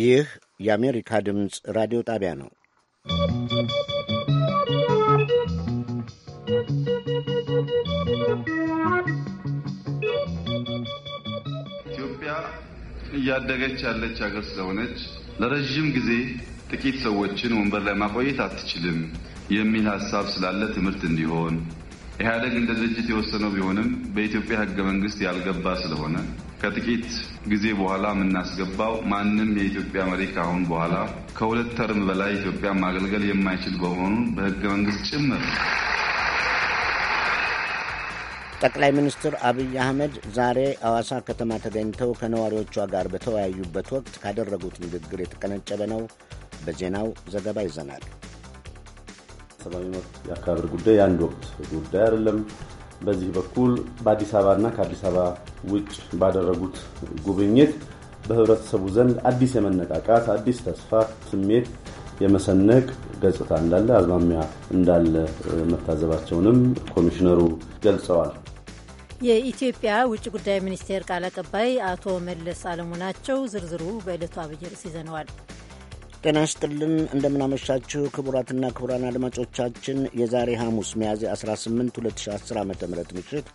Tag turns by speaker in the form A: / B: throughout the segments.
A: ይህ የአሜሪካ ድምፅ ራዲዮ ጣቢያ ነው።
B: ኢትዮጵያ እያደገች ያለች ሀገር ስለሆነች ለረዥም ጊዜ ጥቂት ሰዎችን ወንበር ላይ ማቆየት አትችልም የሚል ሀሳብ ስላለ ትምህርት እንዲሆን ኢህአደግ እንደ ድርጅት የወሰነው ቢሆንም በኢትዮጵያ ህገ መንግስት ያልገባ ስለሆነ ከጥቂት ጊዜ በኋላ የምናስገባው ማንም የኢትዮጵያ መሪ ከአሁን በኋላ ከሁለት ተርም በላይ ኢትዮጵያ ማገልገል የማይችል በመሆኑን በህገ መንግስት ጭምር
A: ጠቅላይ ሚኒስትር አብይ አህመድ ዛሬ አዋሳ ከተማ ተገኝተው ከነዋሪዎቿ ጋር በተወያዩበት ወቅት ካደረጉት ንግግር የተቀነጨበ ነው። በዜናው ዘገባ ይዘናል።
C: ሰብአዊ መብት የአካባቢ ጉዳይ የአንድ ወቅት ጉዳይ አይደለም። በዚህ በኩል በአዲስ አበባና ከአዲስ አበባ ውጭ ባደረጉት ጉብኝት በህብረተሰቡ ዘንድ አዲስ የመነቃቃት አዲስ ተስፋ ስሜት የመሰነቅ ገጽታ እንዳለ አዝማሚያ እንዳለ መታዘባቸውንም ኮሚሽነሩ ገልጸዋል።
D: የኢትዮጵያ ውጭ ጉዳይ ሚኒስቴር ቃል አቀባይ አቶ መለስ አለሙ ናቸው። ዝርዝሩ በዕለቱ አብይ ርዕስ ይዘነዋል።
A: ጤና ይስጥልን እንደምናመሻችሁ ክቡራትና ክቡራን አድማጮቻችን የዛሬ ሐሙስ ሚያዝያ 18 2010 ዓ ም ምሽት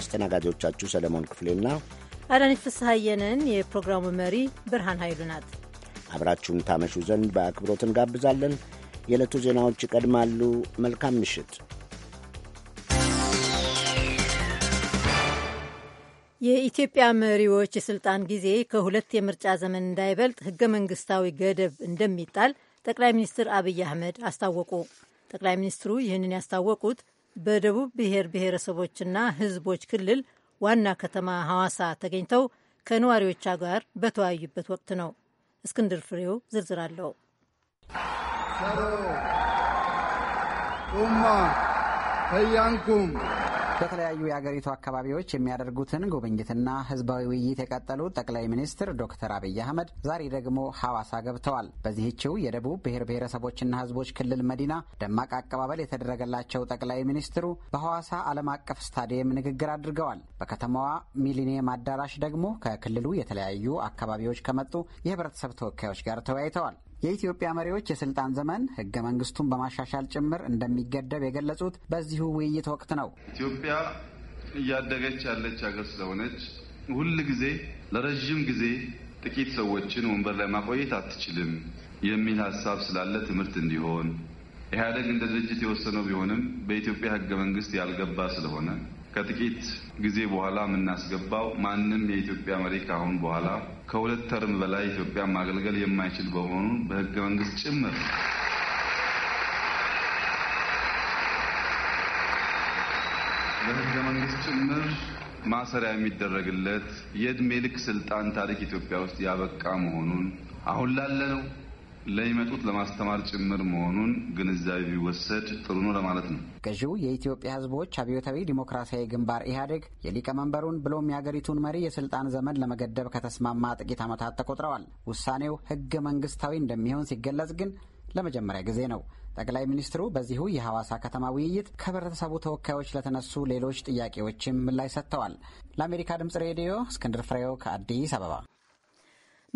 A: አስተናጋጆቻችሁ ሰለሞን ክፍሌና
D: አዳነች ፍስሐየንን የፕሮግራሙ መሪ ብርሃን ኃይሉ ናት።
A: አብራችሁን ታመሹ ዘንድ በአክብሮት እንጋብዛለን። የዕለቱ ዜናዎች ይቀድማሉ። መልካም ምሽት።
D: የኢትዮጵያ መሪዎች የስልጣን ጊዜ ከሁለት የምርጫ ዘመን እንዳይበልጥ ህገ መንግስታዊ ገደብ እንደሚጣል ጠቅላይ ሚኒስትር አብይ አህመድ አስታወቁ። ጠቅላይ ሚኒስትሩ ይህንን ያስታወቁት በደቡብ ብሔር ብሔረሰቦችና ህዝቦች ክልል ዋና ከተማ ሐዋሳ ተገኝተው ከነዋሪዎቿ ጋር በተወያዩበት ወቅት ነው። እስክንድር ፍሬው ዝርዝር አለው።
E: ኡማ ፈያንኩም በተለያዩ የአገሪቱ አካባቢዎች የሚያደርጉትን ጉብኝትና ህዝባዊ ውይይት የቀጠሉት ጠቅላይ ሚኒስትር ዶክተር አብይ አህመድ ዛሬ ደግሞ ሐዋሳ ገብተዋል። በዚህችው የደቡብ ብሔር ብሔረሰቦችና ህዝቦች ክልል መዲና ደማቅ አቀባበል የተደረገላቸው ጠቅላይ ሚኒስትሩ በሐዋሳ ዓለም አቀፍ ስታዲየም ንግግር አድርገዋል። በከተማዋ ሚሊኒየም አዳራሽ ደግሞ ከክልሉ የተለያዩ አካባቢዎች ከመጡ የህብረተሰብ ተወካዮች ጋር ተወያይተዋል። የኢትዮጵያ መሪዎች የስልጣን ዘመን ህገ መንግስቱን በማሻሻል ጭምር እንደሚገደብ የገለጹት በዚሁ ውይይት ወቅት ነው።
B: ኢትዮጵያ እያደገች ያለች ሀገር ስለሆነች ሁል ጊዜ ለረዥም ጊዜ ጥቂት ሰዎችን ወንበር ላይ ማቆየት አትችልም የሚል ሀሳብ ስላለ ትምህርት እንዲሆን ኢህአደግ እንደ ድርጅት የወሰነው ቢሆንም በኢትዮጵያ ህገ መንግስት ያልገባ ስለሆነ ከጥቂት ጊዜ በኋላ የምናስገባው ማንም የኢትዮጵያ መሪ ካሁን በኋላ ከሁለት ተርም በላይ ኢትዮጵያ ማገልገል የማይችል በመሆኑን በህገ መንግስት ጭምር በህገ መንግስት ጭምር ማሰሪያ የሚደረግለት የእድሜ ልክ ስልጣን ታሪክ ኢትዮጵያ ውስጥ ያበቃ መሆኑን አሁን ላለነው ለሚመጡት ለማስተማር ጭምር መሆኑን ግንዛቤ ቢወሰድ ጥሩ ነው ለማለት ነው።
E: ገዢው የኢትዮጵያ ሕዝቦች አብዮታዊ ዲሞክራሲያዊ ግንባር ኢህአዴግ የሊቀመንበሩን ብሎም የአገሪቱን መሪ የስልጣን ዘመን ለመገደብ ከተስማማ ጥቂት ዓመታት ተቆጥረዋል። ውሳኔው ህገ መንግስታዊ እንደሚሆን ሲገለጽ ግን ለመጀመሪያ ጊዜ ነው። ጠቅላይ ሚኒስትሩ በዚሁ የሐዋሳ ከተማ ውይይት ከህብረተሰቡ ተወካዮች ለተነሱ ሌሎች ጥያቄዎችም ምላሽ ሰጥተዋል። ለአሜሪካ ድምጽ ሬዲዮ እስክንድር ፍሬው ከአዲስ አበባ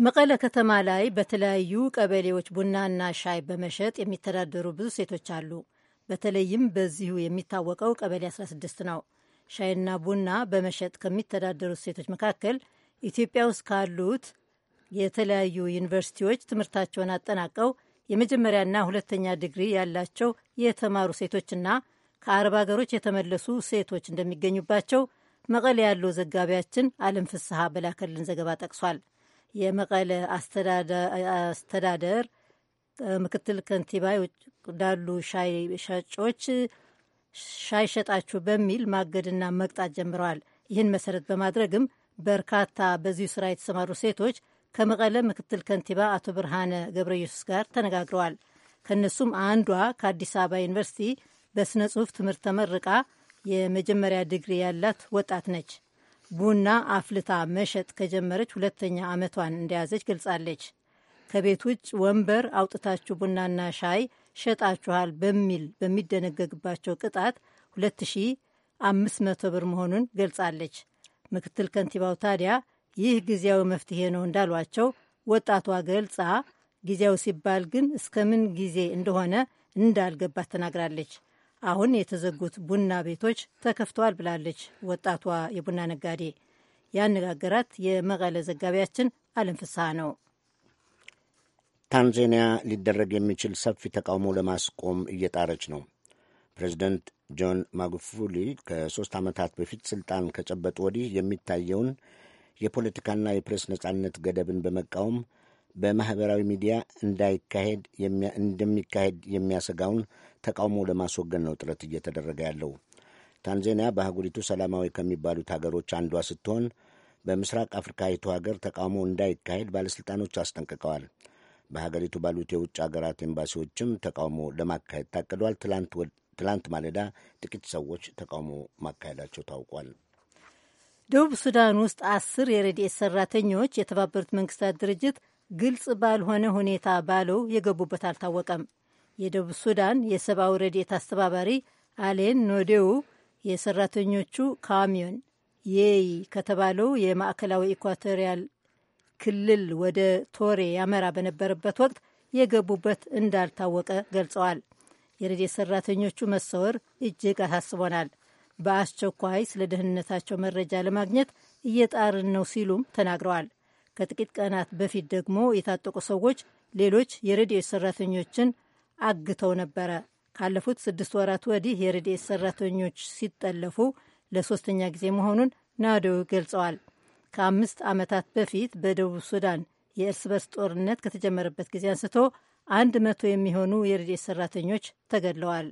D: መቀለ ከተማ ላይ በተለያዩ ቀበሌዎች ቡናና ሻይ በመሸጥ የሚተዳደሩ ብዙ ሴቶች አሉ። በተለይም በዚሁ የሚታወቀው ቀበሌ 16 ነው። ሻይና ቡና በመሸጥ ከሚተዳደሩት ሴቶች መካከል ኢትዮጵያ ውስጥ ካሉት የተለያዩ ዩኒቨርሲቲዎች ትምህርታቸውን አጠናቀው የመጀመሪያና ሁለተኛ ዲግሪ ያላቸው የተማሩ ሴቶችና ከአረብ ሀገሮች የተመለሱ ሴቶች እንደሚገኙባቸው መቀለ ያለው ዘጋቢያችን አለም ፍስሐ በላከልን ዘገባ ጠቅሷል። የመቀለ አስተዳደር ምክትል ከንቲባ ዳሉ ሻይ ሻጮች ሻይ ሸጣችሁ በሚል ማገድና መቅጣት ጀምረዋል። ይህን መሰረት በማድረግም በርካታ በዚሁ ስራ የተሰማሩ ሴቶች ከመቀለ ምክትል ከንቲባ አቶ ብርሃነ ገብረ ኢየሱስ ጋር ተነጋግረዋል። ከእነሱም አንዷ ከአዲስ አበባ ዩኒቨርሲቲ በሥነ ጽሑፍ ትምህርት ተመርቃ የመጀመሪያ ዲግሪ ያላት ወጣት ነች። ቡና አፍልታ መሸጥ ከጀመረች ሁለተኛ ዓመቷን እንደያዘች ገልጻለች። ከቤት ውጭ ወንበር አውጥታችሁ ቡናና ሻይ ሸጣችኋል በሚል በሚደነገግባቸው ቅጣት 2500 ብር መሆኑን ገልጻለች። ምክትል ከንቲባው ታዲያ ይህ ጊዜያዊ መፍትሄ ነው እንዳሏቸው ወጣቷ ገልጻ ጊዜያዊ ሲባል ግን እስከምን ጊዜ እንደሆነ እንዳልገባት ተናግራለች። አሁን የተዘጉት ቡና ቤቶች ተከፍተዋል ብላለች ወጣቷ የቡና ነጋዴ። ያነጋገራት የመቀለ ዘጋቢያችን አለም ፍስሐ ነው።
A: ታንዛኒያ ሊደረግ የሚችል ሰፊ ተቃውሞ ለማስቆም እየጣረች ነው። ፕሬዚደንት ጆን ማጉፉሊ ከሦስት ዓመታት በፊት ሥልጣን ከጨበጡ ወዲህ የሚታየውን የፖለቲካና የፕሬስ ነጻነት ገደብን በመቃወም በማኅበራዊ ሚዲያ እንዳይካሄድ እንደሚካሄድ የሚያሰጋውን ተቃውሞ ለማስወገድ ነው ጥረት እየተደረገ ያለው። ታንዛኒያ በአህጉሪቱ ሰላማዊ ከሚባሉት ሀገሮች አንዷ ስትሆን በምስራቅ አፍሪካዊቱ ሀገር ተቃውሞ እንዳይካሄድ ባለሥልጣኖች አስጠንቅቀዋል። በሀገሪቱ ባሉት የውጭ ሀገራት ኤምባሲዎችም ተቃውሞ ለማካሄድ ታቅዷል። ትላንት ማለዳ ጥቂት ሰዎች ተቃውሞ ማካሄዳቸው ታውቋል።
D: ደቡብ ሱዳን ውስጥ አስር የረድኤት ሰራተኞች የተባበሩት መንግስታት ድርጅት ግልጽ ባልሆነ ሁኔታ ባለው የገቡበት አልታወቀም። የደቡብ ሱዳን የሰብአዊ ረድኤት አስተባባሪ አሌን ኖዴው የሰራተኞቹ ካሚዮን የይ ከተባለው የማዕከላዊ ኢኳቶሪያል ክልል ወደ ቶሬ ያመራ በነበረበት ወቅት የገቡበት እንዳልታወቀ ገልጸዋል። የረድኤት ሰራተኞቹ መሰወር እጅግ አሳስቦናል፣ በአስቸኳይ ስለ ደህንነታቸው መረጃ ለማግኘት እየጣርን ነው ሲሉም ተናግረዋል። ከጥቂት ቀናት በፊት ደግሞ የታጠቁ ሰዎች ሌሎች የረድኤት ሰራተኞችን አግተው ነበረ። ካለፉት ስድስት ወራት ወዲህ የረድኤት ሰራተኞች ሲጠለፉ ለሶስተኛ ጊዜ መሆኑን ናዶው ገልጸዋል። ከአምስት ዓመታት በፊት በደቡብ ሱዳን የእርስ በርስ ጦርነት ከተጀመረበት ጊዜ አንስቶ አንድ መቶ የሚሆኑ የረድኤት ሰራተኞች ተገድለዋል።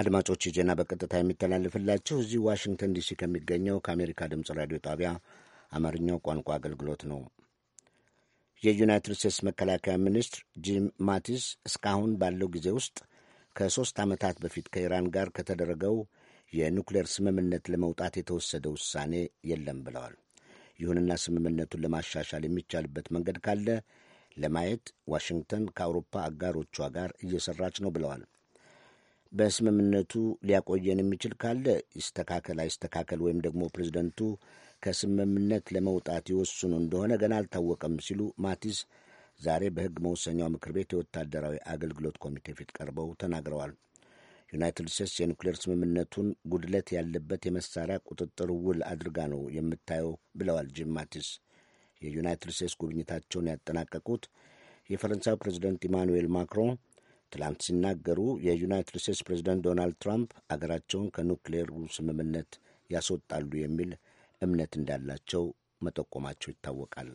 A: አድማጮች ዜና በቀጥታ የሚተላልፍላችሁ እዚህ ዋሽንግተን ዲሲ ከሚገኘው ከአሜሪካ ድምፅ ራዲዮ ጣቢያ አማርኛው ቋንቋ አገልግሎት ነው። የዩናይትድ ስቴትስ መከላከያ ሚኒስትር ጂም ማቲስ እስካሁን ባለው ጊዜ ውስጥ ከሦስት ዓመታት በፊት ከኢራን ጋር ከተደረገው የኑክሌር ስምምነት ለመውጣት የተወሰደ ውሳኔ የለም ብለዋል። ይሁንና ስምምነቱን ለማሻሻል የሚቻልበት መንገድ ካለ ለማየት ዋሽንግተን ከአውሮፓ አጋሮቿ ጋር እየሰራች ነው ብለዋል። በስምምነቱ ሊያቆየን የሚችል ካለ ይስተካከል አይስተካከል፣ ወይም ደግሞ ፕሬዚደንቱ ከስምምነት ለመውጣት ይወስኑ እንደሆነ ገና አልታወቀም ሲሉ ማቲስ ዛሬ በሕግ መወሰኛው ምክር ቤት የወታደራዊ አገልግሎት ኮሚቴ ፊት ቀርበው ተናግረዋል። ዩናይትድ ስቴትስ የኑክሌር ስምምነቱን ጉድለት ያለበት የመሳሪያ ቁጥጥር ውል አድርጋ ነው የምታየው ብለዋል ጂም ማቲስ። የዩናይትድ ስቴትስ ጉብኝታቸውን ያጠናቀቁት የፈረንሳዩ ፕሬዚደንት ኢማኑኤል ማክሮን ትላንት ሲናገሩ የዩናይትድ ስቴትስ ፕሬዚደንት ዶናልድ ትራምፕ አገራቸውን ከኑክሌሩ ስምምነት ያስወጣሉ የሚል እምነት እንዳላቸው መጠቆማቸው ይታወቃል።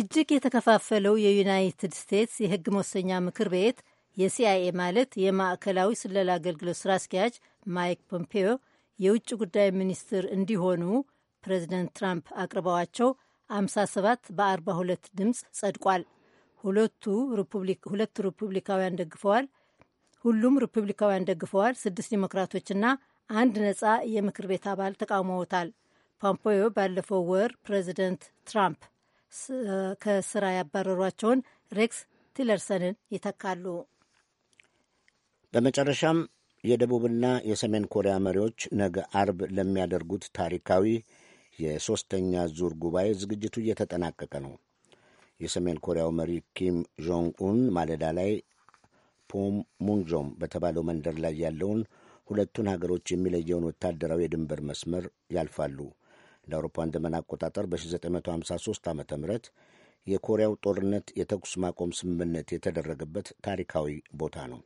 D: እጅግ የተከፋፈለው የዩናይትድ ስቴትስ የሕግ መወሰኛ ምክር ቤት የሲአይኤ ማለት የማዕከላዊ ስለላ አገልግሎት ስራ አስኪያጅ ማይክ ፖምፔዮ የውጭ ጉዳይ ሚኒስትር እንዲሆኑ ፕሬዚደንት ትራምፕ አቅርበዋቸው 57 በ42 ድምፅ ጸድቋል። ሁለቱ ሪፑብሊካውያን ደግፈዋል። ሁሉም ሪፑብሊካውያን ደግፈዋል። ስድስት ዲሞክራቶችና አንድ ነፃ የምክር ቤት አባል ተቃውመውታል። ፖምፖዮ ባለፈው ወር ፕሬዚደንት ትራምፕ ከስራ ያባረሯቸውን ሬክስ ቲለርሰንን ይተካሉ።
A: በመጨረሻም የደቡብና የሰሜን ኮሪያ መሪዎች ነገ አርብ ለሚያደርጉት ታሪካዊ የሦስተኛ ዙር ጉባኤ ዝግጅቱ እየተጠናቀቀ ነው። የሰሜን ኮሪያው መሪ ኪም ጆንግ ኡን ማለዳ ላይ ፖም ሙንጆም በተባለው መንደር ላይ ያለውን ሁለቱን ሀገሮች የሚለየውን ወታደራዊ የድንበር መስመር ያልፋሉ። ለአውሮፓን ዘመን አቆጣጠር በ1953 ዓ ም የኮሪያው ጦርነት የተኩስ ማቆም ስምምነት የተደረገበት ታሪካዊ ቦታ ነው።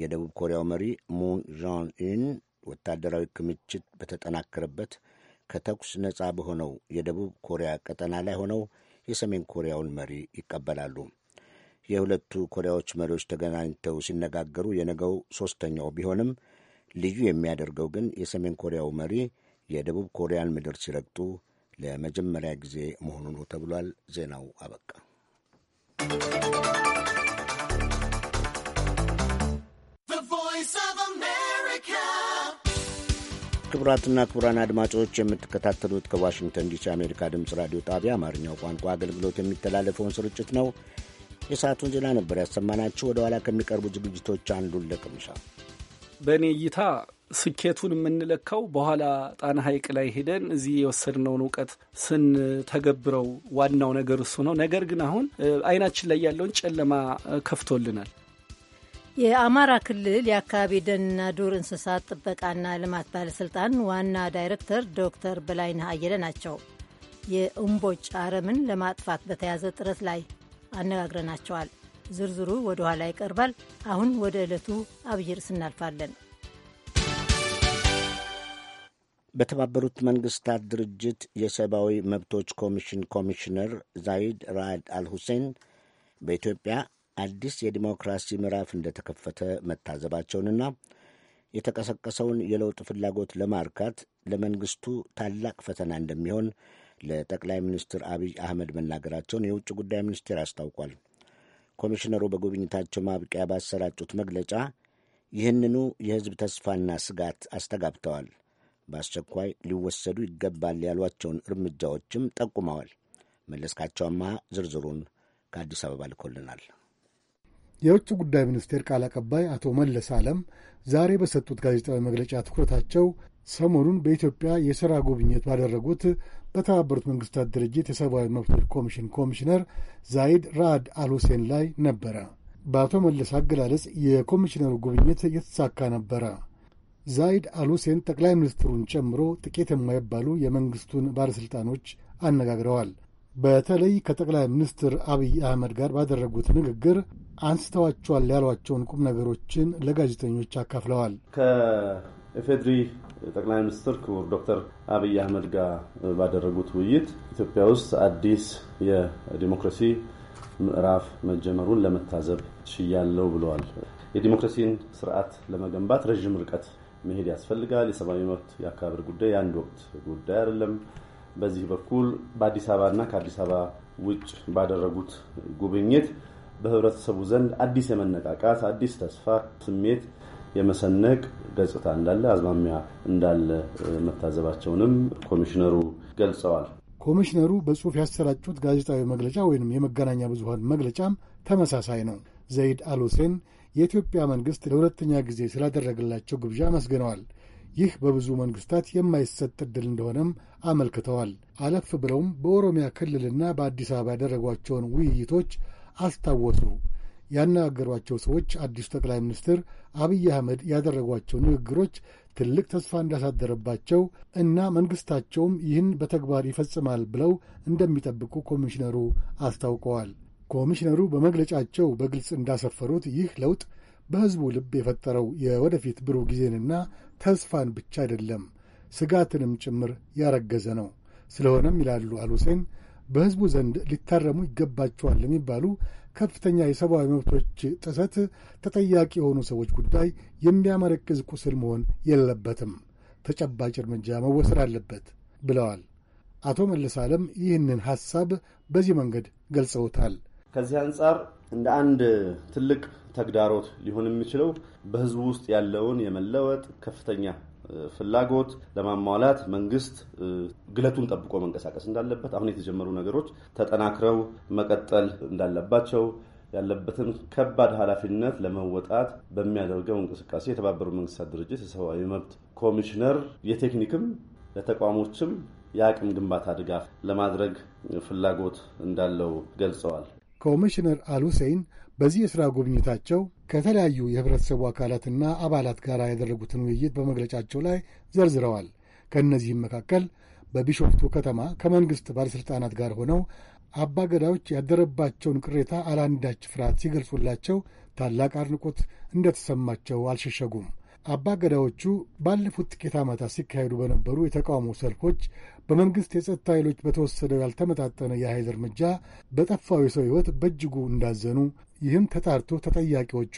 A: የደቡብ ኮሪያው መሪ ሙን ዣንኢን ወታደራዊ ክምችት በተጠናከረበት ከተኩስ ነጻ በሆነው የደቡብ ኮሪያ ቀጠና ላይ ሆነው የሰሜን ኮሪያውን መሪ ይቀበላሉ። የሁለቱ ኮሪያዎች መሪዎች ተገናኝተው ሲነጋገሩ የነገው ሦስተኛው ቢሆንም ልዩ የሚያደርገው ግን የሰሜን ኮሪያው መሪ የደቡብ ኮሪያን ምድር ሲረግጡ ለመጀመሪያ ጊዜ መሆኑ ነው ተብሏል። ዜናው አበቃ። ክቡራትና ክቡራን አድማጮች የምትከታተሉት ከዋሽንግተን ዲሲ አሜሪካ ድምፅ ራዲዮ ጣቢያ አማርኛው ቋንቋ አገልግሎት የሚተላለፈውን ስርጭት ነው። የሰዓቱን ዜና ነበር ያሰማናችሁ። ወደ ኋላ ከሚቀርቡ ዝግጅቶች አንዱን ለቅምሻ
F: በእኔ እይታ ስኬቱን የምንለካው በኋላ ጣና ሐይቅ ላይ ሄደን እዚህ የወሰድነውን እውቀት ስንተገብረው ዋናው ነገር እሱ ነው። ነገር ግን አሁን አይናችን ላይ ያለውን ጨለማ ከፍቶልናል።
D: የአማራ ክልል የአካባቢ ደንና ዱር እንስሳት ጥበቃና ልማት ባለስልጣን ዋና ዳይሬክተር ዶክተር በላይነህ አየለ ናቸው። የእምቦጭ አረምን ለማጥፋት በተያዘ ጥረት ላይ አነጋግረናቸዋል። ዝርዝሩ ወደ ኋላ ይቀርባል። አሁን ወደ ዕለቱ አብይ ርዕስ እናልፋለን።
A: በተባበሩት መንግስታት ድርጅት የሰብአዊ መብቶች ኮሚሽን ኮሚሽነር ዛይድ ራድ አልሁሴን በኢትዮጵያ አዲስ የዲሞክራሲ ምዕራፍ እንደተከፈተ መታዘባቸውንና የተቀሰቀሰውን የለውጥ ፍላጎት ለማርካት ለመንግስቱ ታላቅ ፈተና እንደሚሆን ለጠቅላይ ሚኒስትር አብይ አህመድ መናገራቸውን የውጭ ጉዳይ ሚኒስቴር አስታውቋል። ኮሚሽነሩ በጉብኝታቸው ማብቂያ ባሰራጩት መግለጫ ይህንኑ የሕዝብ ተስፋና ስጋት አስተጋብተዋል። በአስቸኳይ ሊወሰዱ ይገባል ያሏቸውን እርምጃዎችም ጠቁመዋል። መለስካቸው አማሃ ዝርዝሩን ከአዲስ አበባ ልኮልናል።
G: የውጭ ጉዳይ ሚኒስቴር ቃል አቀባይ አቶ መለስ ዓለም ዛሬ በሰጡት ጋዜጣዊ መግለጫ ትኩረታቸው ሰሞኑን በኢትዮጵያ የሥራ ጉብኝት ባደረጉት በተባበሩት መንግሥታት ድርጅት የሰብአዊ መብቶች ኮሚሽን ኮሚሽነር ዛይድ ራድ አልሁሴን ላይ ነበረ። በአቶ መለስ አገላለጽ የኮሚሽነሩ ጉብኝት የተሳካ ነበረ። ዛይድ አልሁሴን ጠቅላይ ሚኒስትሩን ጨምሮ ጥቂት የማይባሉ የመንግሥቱን ባለሥልጣኖች አነጋግረዋል። በተለይ ከጠቅላይ ሚኒስትር አብይ አህመድ ጋር ባደረጉት ንግግር አንስተዋቸዋል ያሏቸውን ቁም ነገሮችን ለጋዜጠኞች አካፍለዋል።
C: ከኢፌድሪ ጠቅላይ ሚኒስትር ክቡር ዶክተር አብይ አህመድ ጋር ባደረጉት ውይይት ኢትዮጵያ ውስጥ አዲስ የዲሞክራሲ ምዕራፍ መጀመሩን ለመታዘብ ችያለው ብለዋል። የዲሞክራሲን ስርዓት ለመገንባት ረዥም ርቀት መሄድ ያስፈልጋል። የሰብአዊ መብት የአካባቢ ጉዳይ የአንድ ወቅት ጉዳይ አይደለም። በዚህ በኩል በአዲስ አበባና ከአዲስ አበባ ውጭ ባደረጉት ጉብኝት በህብረተሰቡ ዘንድ አዲስ የመነቃቃት አዲስ ተስፋ ስሜት የመሰነቅ ገጽታ እንዳለ አዝማሚያ እንዳለ መታዘባቸውንም ኮሚሽነሩ ገልጸዋል።
G: ኮሚሽነሩ በጽሁፍ ያሰራጩት ጋዜጣዊ መግለጫ ወይም የመገናኛ ብዙሀን መግለጫም ተመሳሳይ ነው። ዘይድ አልሁሴን የኢትዮጵያ መንግሥት ለሁለተኛ ጊዜ ስላደረገላቸው ግብዣ አመስግነዋል። ይህ በብዙ መንግሥታት የማይሰጥ ዕድል እንደሆነም አመልክተዋል። አለፍ ብለውም በኦሮሚያ ክልልና በአዲስ አበባ ያደረጓቸውን ውይይቶች አስታወሱ። ያነጋገሯቸው ሰዎች አዲሱ ጠቅላይ ሚኒስትር አብይ አህመድ ያደረጓቸው ንግግሮች ትልቅ ተስፋ እንዳሳደረባቸው እና መንግሥታቸውም ይህን በተግባር ይፈጽማል ብለው እንደሚጠብቁ ኮሚሽነሩ አስታውቀዋል። ኮሚሽነሩ በመግለጫቸው በግልጽ እንዳሰፈሩት ይህ ለውጥ በሕዝቡ ልብ የፈጠረው የወደፊት ብሩህ ጊዜንና ተስፋን ብቻ አይደለም፣ ስጋትንም ጭምር ያረገዘ ነው። ስለሆነም ይላሉ አልሁሴን በሕዝቡ ዘንድ ሊታረሙ ይገባቸዋል የሚባሉ ከፍተኛ የሰብአዊ መብቶች ጥሰት ተጠያቂ የሆኑ ሰዎች ጉዳይ የሚያመረቅዝ ቁስል መሆን የለበትም፣ ተጨባጭ እርምጃ መወሰድ አለበት ብለዋል። አቶ መለስ ዓለም ይህንን ሐሳብ በዚህ መንገድ ገልጸውታል።
C: ከዚህ አንጻር እንደ አንድ ትልቅ ተግዳሮት ሊሆን የሚችለው በህዝቡ ውስጥ ያለውን የመለወጥ ከፍተኛ ፍላጎት ለማሟላት መንግስት ግለቱን ጠብቆ መንቀሳቀስ እንዳለበት፣ አሁን የተጀመሩ ነገሮች ተጠናክረው መቀጠል እንዳለባቸው ያለበትን ከባድ ኃላፊነት ለመወጣት በሚያደርገው እንቅስቃሴ የተባበሩት መንግስታት ድርጅት የሰብአዊ መብት ኮሚሽነር የቴክኒክም ለተቋሞችም የአቅም ግንባታ ድጋፍ ለማድረግ ፍላጎት እንዳለው ገልጸዋል።
G: ኮሚሽነር አልሁሴይን በዚህ የሥራ ጉብኝታቸው ከተለያዩ የህብረተሰቡ አካላትና አባላት ጋር ያደረጉትን ውይይት በመግለጫቸው ላይ ዘርዝረዋል። ከእነዚህም መካከል በቢሾፍቱ ከተማ ከመንግሥት ባለሥልጣናት ጋር ሆነው አባገዳዎች ያደረባቸውን ቅሬታ አላንዳች ፍርሃት ሲገልጹላቸው ታላቅ አድንቆት እንደተሰማቸው አልሸሸጉም። አባገዳዎቹ ባለፉት ጥቂት ዓመታት ሲካሄዱ በነበሩ የተቃውሞ ሰልፎች በመንግሥት የጸጥታ ኃይሎች በተወሰደው ያልተመጣጠነ የኃይል እርምጃ በጠፋው የሰው ሕይወት በእጅጉ እንዳዘኑ፣ ይህም ተጣርቶ ተጠያቂዎቹ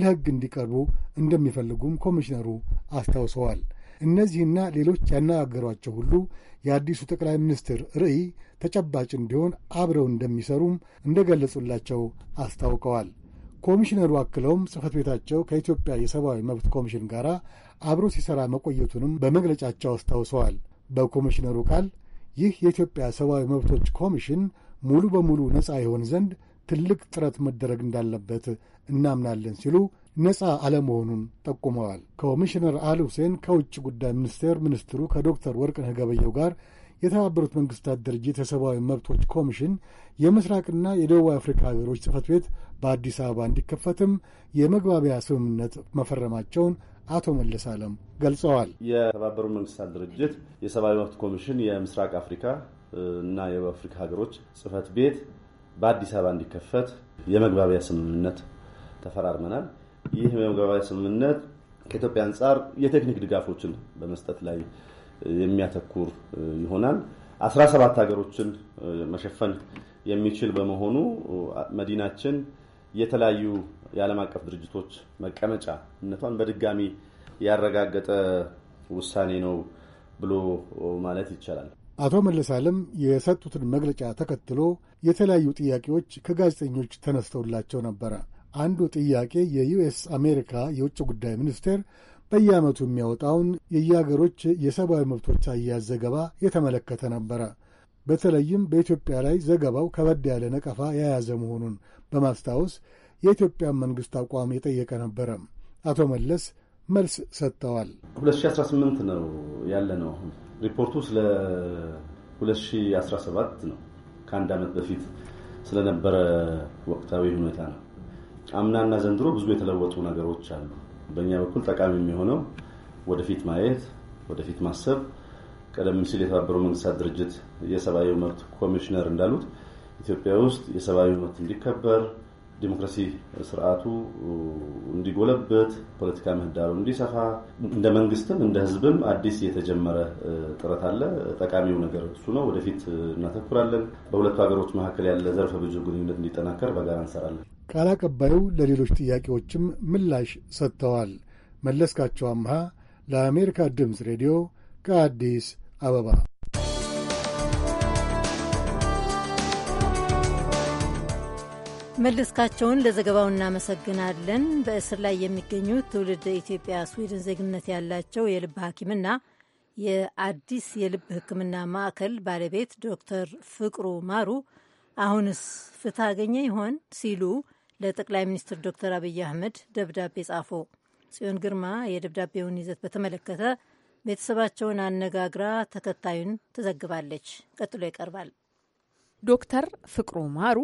G: ለሕግ እንዲቀርቡ እንደሚፈልጉም ኮሚሽነሩ አስታውሰዋል። እነዚህና ሌሎች ያነጋገሯቸው ሁሉ የአዲሱ ጠቅላይ ሚኒስትር ርዕይ ተጨባጭ እንዲሆን አብረው እንደሚሰሩም እንደገለጹላቸው አስታውቀዋል። ኮሚሽነሩ አክለውም ጽህፈት ቤታቸው ከኢትዮጵያ የሰብአዊ መብት ኮሚሽን ጋር አብሮ ሲሰራ መቆየቱንም በመግለጫቸው አስታውሰዋል። በኮሚሽነሩ ቃል ይህ የኢትዮጵያ ሰብአዊ መብቶች ኮሚሽን ሙሉ በሙሉ ነፃ ይሆን ዘንድ ትልቅ ጥረት መደረግ እንዳለበት እናምናለን ሲሉ ነፃ አለመሆኑን ጠቁመዋል። ኮሚሽነር አል ሁሴን ከውጭ ጉዳይ ሚኒስቴር ሚኒስትሩ ከዶክተር ወርቅነህ ገበየው ጋር የተባበሩት መንግስታት ድርጅት የሰብአዊ መብቶች ኮሚሽን የምስራቅና የደቡብ አፍሪካ ሀገሮች ጽህፈት ቤት በአዲስ አበባ እንዲከፈትም የመግባቢያ ስምምነት መፈረማቸውን አቶ መለስ አለም
C: ገልጸዋል። የተባበሩት መንግስታት ድርጅት የሰብአዊ መብት ኮሚሽን የምስራቅ አፍሪካ እና የደቡብ አፍሪካ ሀገሮች ጽህፈት ቤት በአዲስ አበባ እንዲከፈት የመግባቢያ ስምምነት ተፈራርመናል። ይህ የመግባቢያ ስምምነት ከኢትዮጵያ አንጻር የቴክኒክ ድጋፎችን በመስጠት ላይ የሚያተኩር ይሆናል። 17 ሀገሮችን መሸፈን የሚችል በመሆኑ መዲናችን የተለያዩ የዓለም አቀፍ ድርጅቶች መቀመጫነቷን በድጋሚ ያረጋገጠ ውሳኔ ነው ብሎ ማለት ይቻላል።
G: አቶ መለስ አለም የሰጡትን መግለጫ ተከትሎ የተለያዩ ጥያቄዎች ከጋዜጠኞች ተነስተውላቸው ነበረ። አንዱ ጥያቄ የዩኤስ አሜሪካ የውጭ ጉዳይ ሚኒስቴር በየዓመቱ የሚያወጣውን የየአገሮች የሰብአዊ መብቶች አያያዝ ዘገባ የተመለከተ ነበረ። በተለይም በኢትዮጵያ ላይ ዘገባው ከበድ ያለ ነቀፋ የያዘ መሆኑን በማስታወስ የኢትዮጵያን መንግሥት አቋም የጠየቀ ነበረ። አቶ መለስ መልስ ሰጥተዋል። 2018
C: ነው ያለ ነው። አሁን ሪፖርቱ ስለ 2017 ነው። ከአንድ ዓመት በፊት ስለነበረ ወቅታዊ ሁኔታ ነው። አምናና ዘንድሮ ብዙ የተለወጡ ነገሮች አሉ። በእኛ በኩል ጠቃሚ የሚሆነው ወደፊት ማየት፣ ወደፊት ማሰብ ቀደም ሲል የተባበሩ መንግስታት ድርጅት የሰብአዊ መብት ኮሚሽነር እንዳሉት ኢትዮጵያ ውስጥ የሰብአዊ መብት እንዲከበር፣ ዲሞክራሲ ስርዓቱ እንዲጎለበት፣ ፖለቲካ ምህዳሩ እንዲሰፋ እንደ መንግስትም እንደ ህዝብም አዲስ የተጀመረ ጥረት አለ። ጠቃሚው ነገር እሱ ነው። ወደፊት እናተኩራለን። በሁለቱ ሀገሮች መካከል ያለ ዘርፈ ብዙ ግንኙነት እንዲጠናከር በጋራ እንሰራለን።
G: ቃል አቀባዩ ለሌሎች ጥያቄዎችም ምላሽ ሰጥተዋል። መለስካቸው አምሃ ለአሜሪካ ድምፅ ሬዲዮ ከአዲስ አበባ
D: መለስካቸውን ለዘገባው እናመሰግናለን። በእስር ላይ የሚገኙት ትውልድ ኢትዮጵያ ስዊድን ዜግነት ያላቸው የልብ ሐኪምና የአዲስ የልብ ሕክምና ማዕከል ባለቤት ዶክተር ፍቅሩ ማሩ አሁንስ ፍትህ አገኘ ይሆን ሲሉ ለጠቅላይ ሚኒስትር ዶክተር አብይ አህመድ ደብዳቤ ጻፉ። ጽዮን ግርማ የደብዳቤውን ይዘት በተመለከተ ቤተሰባቸውን አነጋግራ ተከታዩን ትዘግባለች። ቀጥሎ ይቀርባል።
H: ዶክተር ፍቅሩ ማሩ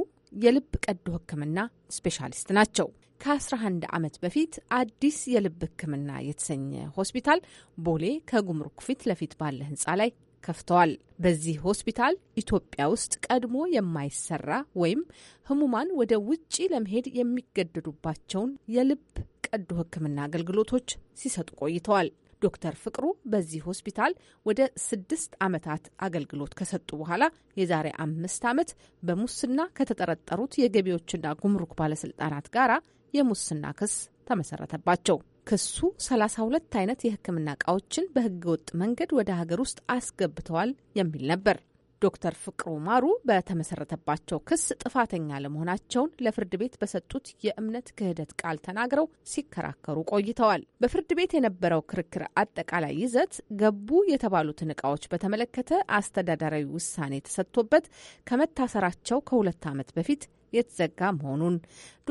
H: የልብ ቀዶ ሕክምና ስፔሻሊስት ናቸው። ከ11 ዓመት በፊት አዲስ የልብ ሕክምና የተሰኘ ሆስፒታል ቦሌ ከጉምሩክ ፊት ለፊት ባለ ህንፃ ላይ ከፍተዋል። በዚህ ሆስፒታል ኢትዮጵያ ውስጥ ቀድሞ የማይሰራ ወይም ህሙማን ወደ ውጪ ለመሄድ የሚገደዱባቸውን የልብ ቀዶ ሕክምና አገልግሎቶች ሲሰጡ ቆይተዋል። ዶክተር ፍቅሩ በዚህ ሆስፒታል ወደ ስድስት ዓመታት አገልግሎት ከሰጡ በኋላ የዛሬ አምስት ዓመት በሙስና ከተጠረጠሩት የገቢዎችና ጉምሩክ ባለስልጣናት ጋራ የሙስና ክስ ተመሰረተባቸው። ክሱ 32 አይነት የህክምና እቃዎችን በሕገ ወጥ መንገድ ወደ ሀገር ውስጥ አስገብተዋል የሚል ነበር። ዶክተር ፍቅሩ ማሩ በተመሰረተባቸው ክስ ጥፋተኛ ለመሆናቸውን ለፍርድ ቤት በሰጡት የእምነት ክህደት ቃል ተናግረው ሲከራከሩ ቆይተዋል። በፍርድ ቤት የነበረው ክርክር አጠቃላይ ይዘት ገቡ የተባሉትን እቃዎች በተመለከተ አስተዳደራዊ ውሳኔ ተሰጥቶበት ከመታሰራቸው ከሁለት ዓመት በፊት የተዘጋ መሆኑን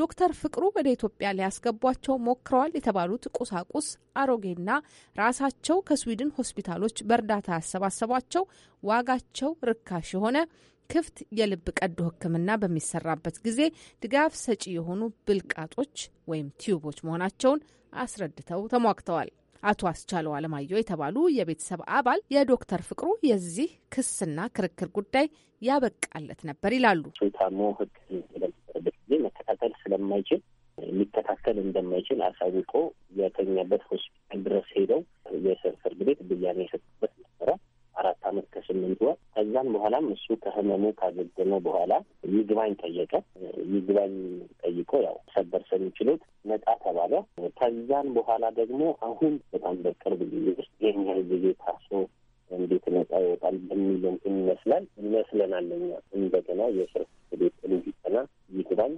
H: ዶክተር ፍቅሩ ወደ ኢትዮጵያ ሊያስገቧቸው ሞክረዋል የተባሉት ቁሳቁስ አሮጌና ራሳቸው ከስዊድን ሆስፒታሎች በእርዳታ ያሰባሰቧቸው ዋጋቸው ርካሽ የሆነ ክፍት የልብ ቀዶ ሕክምና በሚሰራበት ጊዜ ድጋፍ ሰጪ የሆኑ ብልቃጦች ወይም ቲዩቦች መሆናቸውን አስረድተው ተሟግተዋል። አቶ አስቻለው አለማየሁ የተባሉ የቤተሰብ አባል የዶክተር ፍቅሩ የዚህ ክስና ክርክር ጉዳይ ያበቃለት ነበር ይላሉ።
I: ታሞ ህግ በሚቀርበት ጊዜ መከታተል ስለማይችል ሊከታተል እንደማይችል አሳውቆ የተኛበት ሆስፒታል ድረስ ሄደው የስር ፍርድ ቤት ብያኔ የሰጡበት ነበረ። አራት አመት ከስምንት ወር። ከዛም በኋላም እሱ ከህመሙ ካገገመ በኋላ ይግባኝ ጠየቀ። ይግባኝ ጠይቆ ያው ሰበር ሰሚ ችሎት ነጻ ተባለ። ከዛን በኋላ ደግሞ አሁን በጣም በቅርብ ጊዜ ውስጥ የኛ ጊዜ ታስሮ እንዴት ነጻ ይወጣል በሚልም ይመስላል ይመስለናል እኛ እንደገና የስር ቤት ልጅጠና ይግባኝ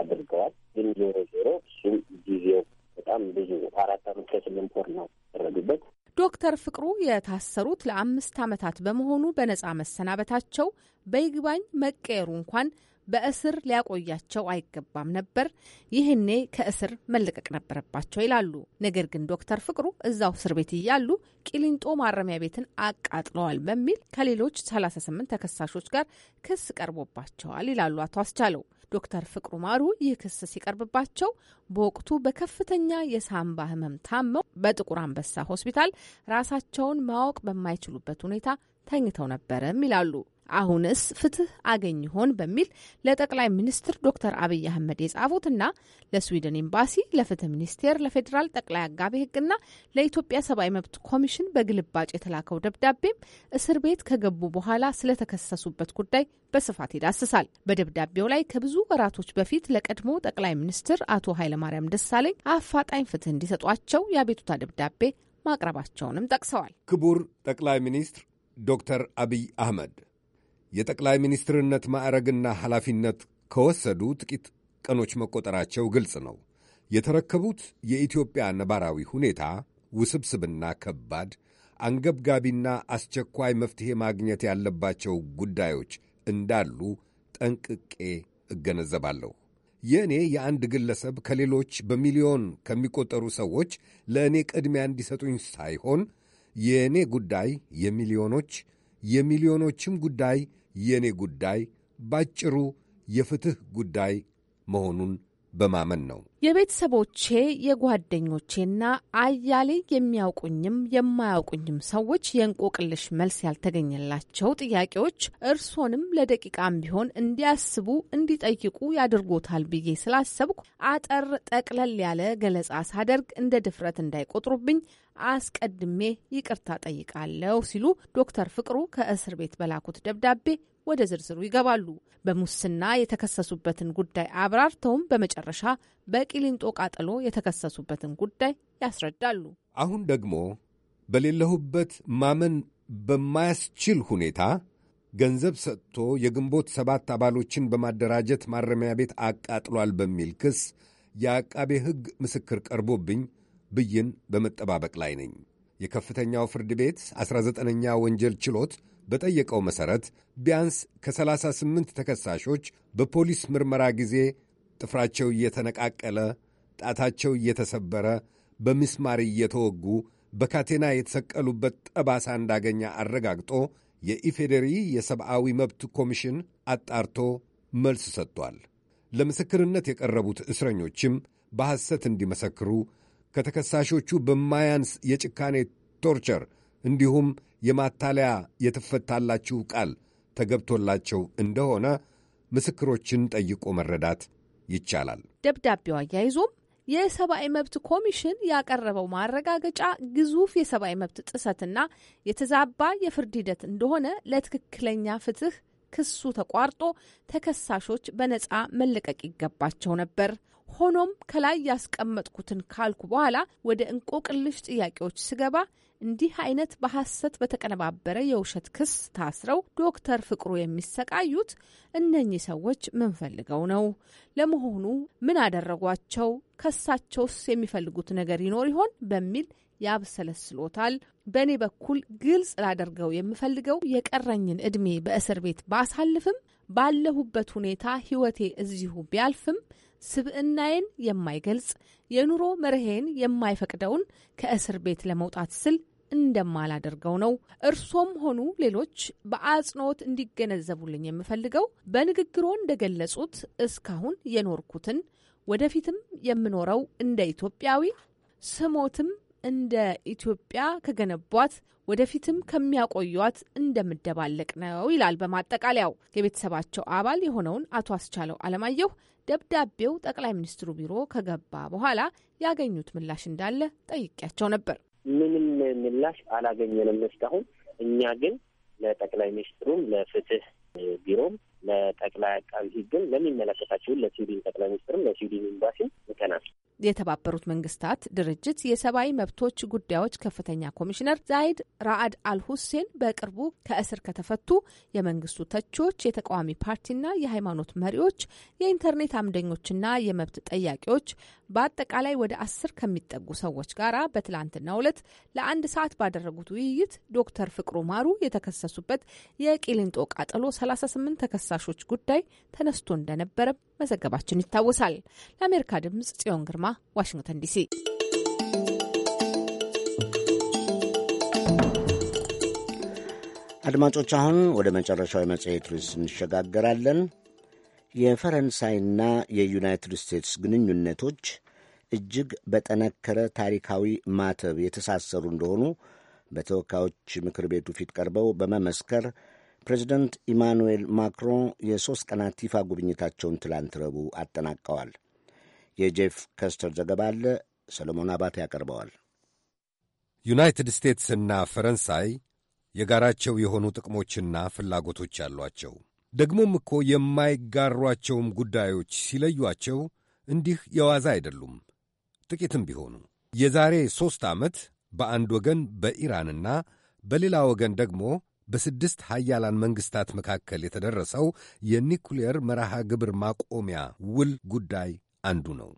I: አድርገዋል። ግን ዞሮ ዞሮ እሱም ጊዜው በጣም ብዙ አራት አመት ከስምንት ወር ነው ያደረጉበት።
H: ዶክተር ፍቅሩ የታሰሩት ለአምስት ዓመታት በመሆኑ በነፃ መሰናበታቸው በይግባኝ መቀየሩ እንኳን በእስር ሊያቆያቸው አይገባም ነበር። ይህኔ ከእስር መለቀቅ ነበረባቸው ይላሉ። ነገር ግን ዶክተር ፍቅሩ እዛው እስር ቤት እያሉ ቂሊንጦ ማረሚያ ቤትን አቃጥለዋል በሚል ከሌሎች 38 ተከሳሾች ጋር ክስ ቀርቦባቸዋል ይላሉ አቶ አስቻለው። ዶክተር ፍቅሩ ማሩ ይህ ክስ ሲቀርብባቸው በወቅቱ በከፍተኛ የሳምባ ህመም ታመው በጥቁር አንበሳ ሆስፒታል ራሳቸውን ማወቅ በማይችሉበት ሁኔታ ተኝተው ነበረም ይላሉ። አሁንስ ፍትህ አገኝ ይሆን በሚል ለጠቅላይ ሚኒስትር ዶክተር አብይ አህመድ የጻፉትና ለስዊድን ኤምባሲ፣ ለፍትህ ሚኒስቴር፣ ለፌዴራል ጠቅላይ አጋቢ ህግና ለኢትዮጵያ ሰብአዊ መብት ኮሚሽን በግልባጭ የተላከው ደብዳቤም እስር ቤት ከገቡ በኋላ ስለተከሰሱበት ጉዳይ በስፋት ይዳስሳል። በደብዳቤው ላይ ከብዙ ወራቶች በፊት ለቀድሞ ጠቅላይ ሚኒስትር አቶ ኃይለማርያም ደሳለኝ አፋጣኝ ፍትህ እንዲሰጧቸው የአቤቱታ ደብዳቤ ማቅረባቸውንም ጠቅሰዋል።
J: ክቡር ጠቅላይ ሚኒስትር ዶክተር አብይ አህመድ የጠቅላይ ሚኒስትርነት ማዕረግና ኃላፊነት ከወሰዱ ጥቂት ቀኖች መቆጠራቸው ግልጽ ነው። የተረከቡት የኢትዮጵያ ነባራዊ ሁኔታ ውስብስብና ከባድ፣ አንገብጋቢና አስቸኳይ መፍትሔ ማግኘት ያለባቸው ጉዳዮች እንዳሉ ጠንቅቄ እገነዘባለሁ። የእኔ የአንድ ግለሰብ ከሌሎች በሚሊዮን ከሚቆጠሩ ሰዎች ለእኔ ቅድሚያ እንዲሰጡኝ ሳይሆን የእኔ ጉዳይ የሚሊዮኖች የሚሊዮኖችም ጉዳይ የእኔ ጉዳይ ባጭሩ የፍትሕ ጉዳይ መሆኑን በማመን ነው።
H: የቤተሰቦቼ የጓደኞቼና አያሌ የሚያውቁኝም የማያውቁኝም ሰዎች የእንቆቅልሽ መልስ ያልተገኘላቸው ጥያቄዎች እርሶንም ለደቂቃም ቢሆን እንዲያስቡ እንዲጠይቁ ያድርጎታል ብዬ ስላሰብኩ አጠር ጠቅለል ያለ ገለጻ ሳደርግ እንደ ድፍረት እንዳይቆጥሩብኝ አስቀድሜ ይቅርታ ጠይቃለሁ ሲሉ ዶክተር ፍቅሩ ከእስር ቤት በላኩት ደብዳቤ ወደ ዝርዝሩ ይገባሉ። በሙስና የተከሰሱበትን ጉዳይ አብራርተውም በመጨረሻ በቂሊንጦ ቃጠሎ የተከሰሱበትን ጉዳይ ያስረዳሉ።
J: አሁን ደግሞ በሌለሁበት ማመን በማያስችል ሁኔታ ገንዘብ ሰጥቶ የግንቦት ሰባት አባሎችን በማደራጀት ማረሚያ ቤት አቃጥሏል በሚል ክስ የአቃቤ ሕግ ምስክር ቀርቦብኝ ብይን በመጠባበቅ ላይ ነኝ። የከፍተኛው ፍርድ ቤት 19ኛ ወንጀል ችሎት በጠየቀው መሠረት ቢያንስ ከ38 ተከሳሾች በፖሊስ ምርመራ ጊዜ ጥፍራቸው እየተነቃቀለ፣ ጣታቸው እየተሰበረ፣ በሚስማር እየተወጉ፣ በካቴና የተሰቀሉበት ጠባሳ እንዳገኘ አረጋግጦ የኢፌዴሪ የሰብዓዊ መብት ኮሚሽን አጣርቶ መልስ ሰጥቷል። ለምስክርነት የቀረቡት እስረኞችም በሐሰት እንዲመሰክሩ ከተከሳሾቹ በማያንስ የጭካኔ ቶርቸር እንዲሁም የማታለያ የትፈታላችሁ ቃል ተገብቶላቸው እንደሆነ ምስክሮችን ጠይቆ መረዳት ይቻላል።
H: ደብዳቤው አያይዞም የሰብአዊ መብት ኮሚሽን ያቀረበው ማረጋገጫ ግዙፍ የሰብአዊ መብት ጥሰትና የተዛባ የፍርድ ሂደት እንደሆነ ለትክክለኛ ፍትህ ክሱ ተቋርጦ ተከሳሾች በነፃ መለቀቅ ይገባቸው ነበር ሆኖም ከላይ ያስቀመጥኩትን ካልኩ በኋላ ወደ እንቆቅልሽ ጥያቄዎች ስገባ እንዲህ አይነት በሐሰት በተቀነባበረ የውሸት ክስ ታስረው ዶክተር ፍቅሩ የሚሰቃዩት እነኚህ ሰዎች ምን ፈልገው ነው? ለመሆኑ ምን አደረጓቸው? ከሳቸውስ የሚፈልጉት ነገር ይኖር ይሆን በሚል ያብሰለስሎታል። በእኔ በኩል ግልጽ ላደርገው የምፈልገው የቀረኝን ዕድሜ በእስር ቤት ባሳልፍም ባለሁበት ሁኔታ ሕይወቴ እዚሁ ቢያልፍም ስብዕናዬን የማይገልጽ የኑሮ መርሄን የማይፈቅደውን ከእስር ቤት ለመውጣት ስል እንደማላደርገው ነው። እርሶም ሆኑ ሌሎች በአጽንኦት እንዲገነዘቡልኝ የምፈልገው በንግግሮ እንደገለጹት እስካሁን የኖርኩትን ወደፊትም የምኖረው እንደ ኢትዮጵያዊ ስሞትም እንደ ኢትዮጵያ ከገነቧት ወደፊትም ከሚያቆዩት እንደምደባለቅ ነው ይላል። በማጠቃለያው የቤተሰባቸው አባል የሆነውን አቶ አስቻለው አለማየሁ ደብዳቤው ጠቅላይ ሚኒስትሩ ቢሮ ከገባ በኋላ ያገኙት ምላሽ እንዳለ ጠይቄያቸው ነበር።
I: ምንም ምላሽ አላገኘንም እስካሁን። እኛ ግን ለጠቅላይ ሚኒስትሩም ለፍትህ ቢሮም ለጠቅላይ አቃቢ ሕግም ለሚመለከታቸውን ለስዊድን ጠቅላይ ሚኒስትርም ለስዊድን ኤምባሲም ልከናል።
H: የተባበሩት መንግስታት ድርጅት የሰብአዊ መብቶች ጉዳዮች ከፍተኛ ኮሚሽነር ዛይድ ራአድ አልሁሴን በቅርቡ ከእስር ከተፈቱ የመንግስቱ ተቺዎች፣ የተቃዋሚ ፓርቲና የሃይማኖት መሪዎች፣ የኢንተርኔት አምደኞችና የመብት ጠያቂዎች በአጠቃላይ ወደ አስር ከሚጠጉ ሰዎች ጋር በትላንትናው ዕለት ለአንድ ሰዓት ባደረጉት ውይይት ዶክተር ፍቅሩ ማሩ የተከሰሱበት የቂሊንጦ ቃጠሎ 38 ተከሰ ተከሳሾች ጉዳይ ተነስቶ እንደነበረ መዘገባችን ይታወሳል። ለአሜሪካ ድምጽ ጽዮን ግርማ ዋሽንግተን ዲሲ።
A: አድማጮች አሁን ወደ መጨረሻው የመጽሔት ርዕስ እንሸጋገራለን። የፈረንሳይና የዩናይትድ ስቴትስ ግንኙነቶች እጅግ በጠነከረ ታሪካዊ ማተብ የተሳሰሩ እንደሆኑ በተወካዮች ምክር ቤቱ ፊት ቀርበው በመመስከር ፕሬዚደንት ኢማኑዌል ማክሮን የሦስት ቀናት ይፋ ጉብኝታቸውን ትላንት ረቡዕ አጠናቀዋል። የጄፍ ከስተር ዘገባ አለ። ሰለሞን አባት ያቀርበዋል።
J: ዩናይትድ ስቴትስ እና ፈረንሳይ የጋራቸው የሆኑ ጥቅሞችና ፍላጎቶች አሏቸው። ደግሞም እኮ የማይጋሯቸውም ጉዳዮች ሲለዩአቸው እንዲህ የዋዛ አይደሉም። ጥቂትም ቢሆኑ የዛሬ ሦስት ዓመት በአንድ ወገን በኢራንና በሌላ ወገን ደግሞ በስድስት ሀያላን መንግስታት መካከል የተደረሰው የኒኩሌየር መርሃ ግብር ማቆሚያ ውል ጉዳይ አንዱ ነው።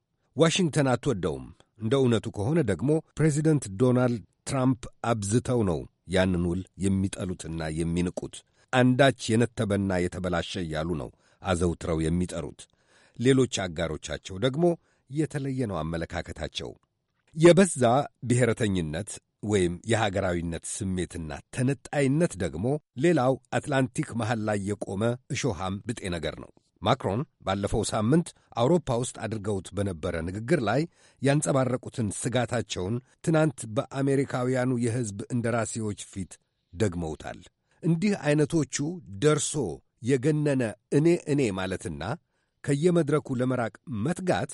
J: ዋሽንግተን አትወደውም። እንደ እውነቱ ከሆነ ደግሞ ፕሬዚደንት ዶናልድ ትራምፕ አብዝተው ነው ያንን ውል የሚጠሉትና የሚንቁት። አንዳች የነተበና የተበላሸ እያሉ ነው አዘውትረው የሚጠሩት። ሌሎች አጋሮቻቸው ደግሞ የተለየ ነው አመለካከታቸው። የበዛ ብሔረተኝነት ወይም የሀገራዊነት ስሜትና ተነጣይነት ደግሞ ሌላው አትላንቲክ መሃል ላይ የቆመ እሾሃም ብጤ ነገር ነው። ማክሮን ባለፈው ሳምንት አውሮፓ ውስጥ አድርገውት በነበረ ንግግር ላይ ያንጸባረቁትን ስጋታቸውን ትናንት በአሜሪካውያኑ የሕዝብ እንደራሴዎች ፊት ደግመውታል። እንዲህ ዐይነቶቹ ደርሶ የገነነ እኔ እኔ ማለትና ከየመድረኩ ለመራቅ መትጋት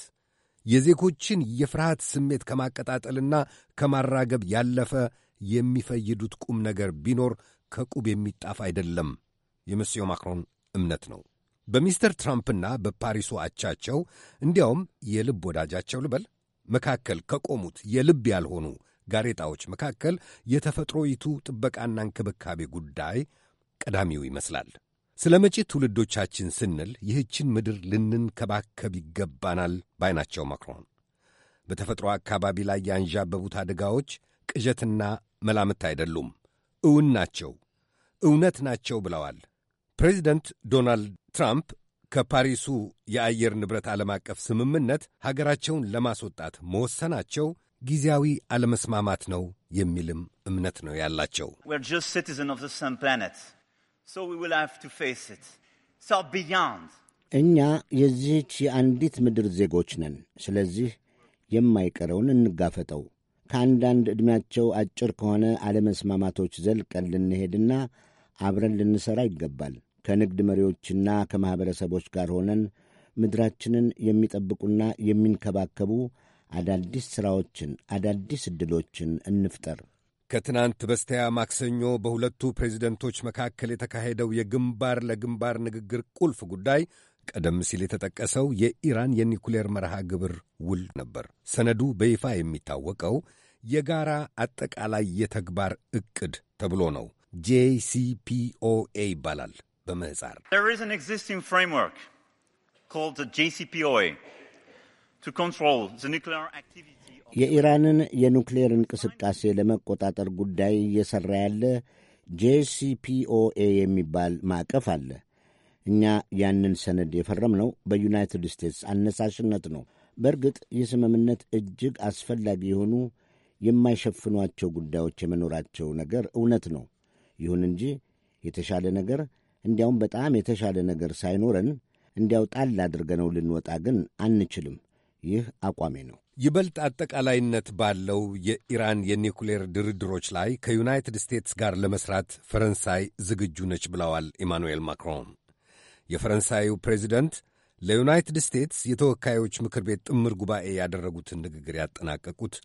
J: የዜጎችን የፍርሃት ስሜት ከማቀጣጠልና ከማራገብ ያለፈ የሚፈይዱት ቁም ነገር ቢኖር ከቁብ የሚጣፍ አይደለም የመስዮ ማክሮን እምነት ነው። በሚስተር ትራምፕና በፓሪሱ አቻቸው እንዲያውም የልብ ወዳጃቸው ልበል መካከል ከቆሙት የልብ ያልሆኑ ጋሬጣዎች መካከል የተፈጥሮይቱ ጥበቃና እንክብካቤ ጉዳይ ቀዳሚው ይመስላል። ስለ መጪ ትውልዶቻችን ስንል ይህችን ምድር ልንንከባከብ ይገባናል ባይ ናቸው ማክሮን። በተፈጥሮ አካባቢ ላይ ያንዣበቡት አደጋዎች ቅዠትና መላምት አይደሉም፣ እውን ናቸው፣ እውነት ናቸው ብለዋል። ፕሬዚደንት ዶናልድ ትራምፕ ከፓሪሱ የአየር ንብረት ዓለም አቀፍ ስምምነት ሀገራቸውን ለማስወጣት መወሰናቸው ጊዜያዊ አለመስማማት ነው የሚልም እምነት ነው ያላቸው።
A: እኛ የዚህች የአንዲት ምድር ዜጎች ነን። ስለዚህ የማይቀረውን እንጋፈጠው። ከአንዳንድ ዕድሜያቸው አጭር ከሆነ አለመስማማቶች ዘልቀን ልንሄድና አብረን ልንሠራ ይገባል። ከንግድ መሪዎችና ከማኅበረሰቦች ጋር ሆነን ምድራችንን የሚጠብቁና የሚንከባከቡ አዳዲስ ሥራዎችን፣ አዳዲስ ዕድሎችን እንፍጠር።
J: ከትናንት በስቲያ ማክሰኞ በሁለቱ ፕሬዚደንቶች መካከል የተካሄደው የግንባር ለግንባር ንግግር ቁልፍ ጉዳይ ቀደም ሲል የተጠቀሰው የኢራን የኒኩሌር መርሃ ግብር ውል ነበር። ሰነዱ በይፋ የሚታወቀው የጋራ አጠቃላይ የተግባር ዕቅድ ተብሎ ነው። ጄሲፒኦኤ ይባላል በምህፃር
A: የኢራንን የኑክሌር እንቅስቃሴ ለመቆጣጠር ጉዳይ እየሠራ ያለ ጄሲፒኦኤ የሚባል ማዕቀፍ አለ። እኛ ያንን ሰነድ የፈረምነው በዩናይትድ ስቴትስ አነሳሽነት ነው። በእርግጥ ይህ ስምምነት እጅግ አስፈላጊ የሆኑ የማይሸፍኗቸው ጉዳዮች የመኖራቸው ነገር እውነት ነው። ይሁን እንጂ የተሻለ ነገር እንዲያውም በጣም የተሻለ ነገር ሳይኖረን እንዲያው ጣል አድርገነው ልንወጣ ግን አንችልም። ይህ አቋሜ ነው።
J: ይበልጥ አጠቃላይነት ባለው የኢራን የኒውክሌር ድርድሮች ላይ ከዩናይትድ ስቴትስ ጋር ለመስራት ፈረንሳይ ዝግጁ ነች ብለዋል ኢማኑኤል ማክሮን። የፈረንሳዩ ፕሬዚደንት ለዩናይትድ ስቴትስ የተወካዮች ምክር ቤት ጥምር ጉባኤ ያደረጉትን ንግግር ያጠናቀቁት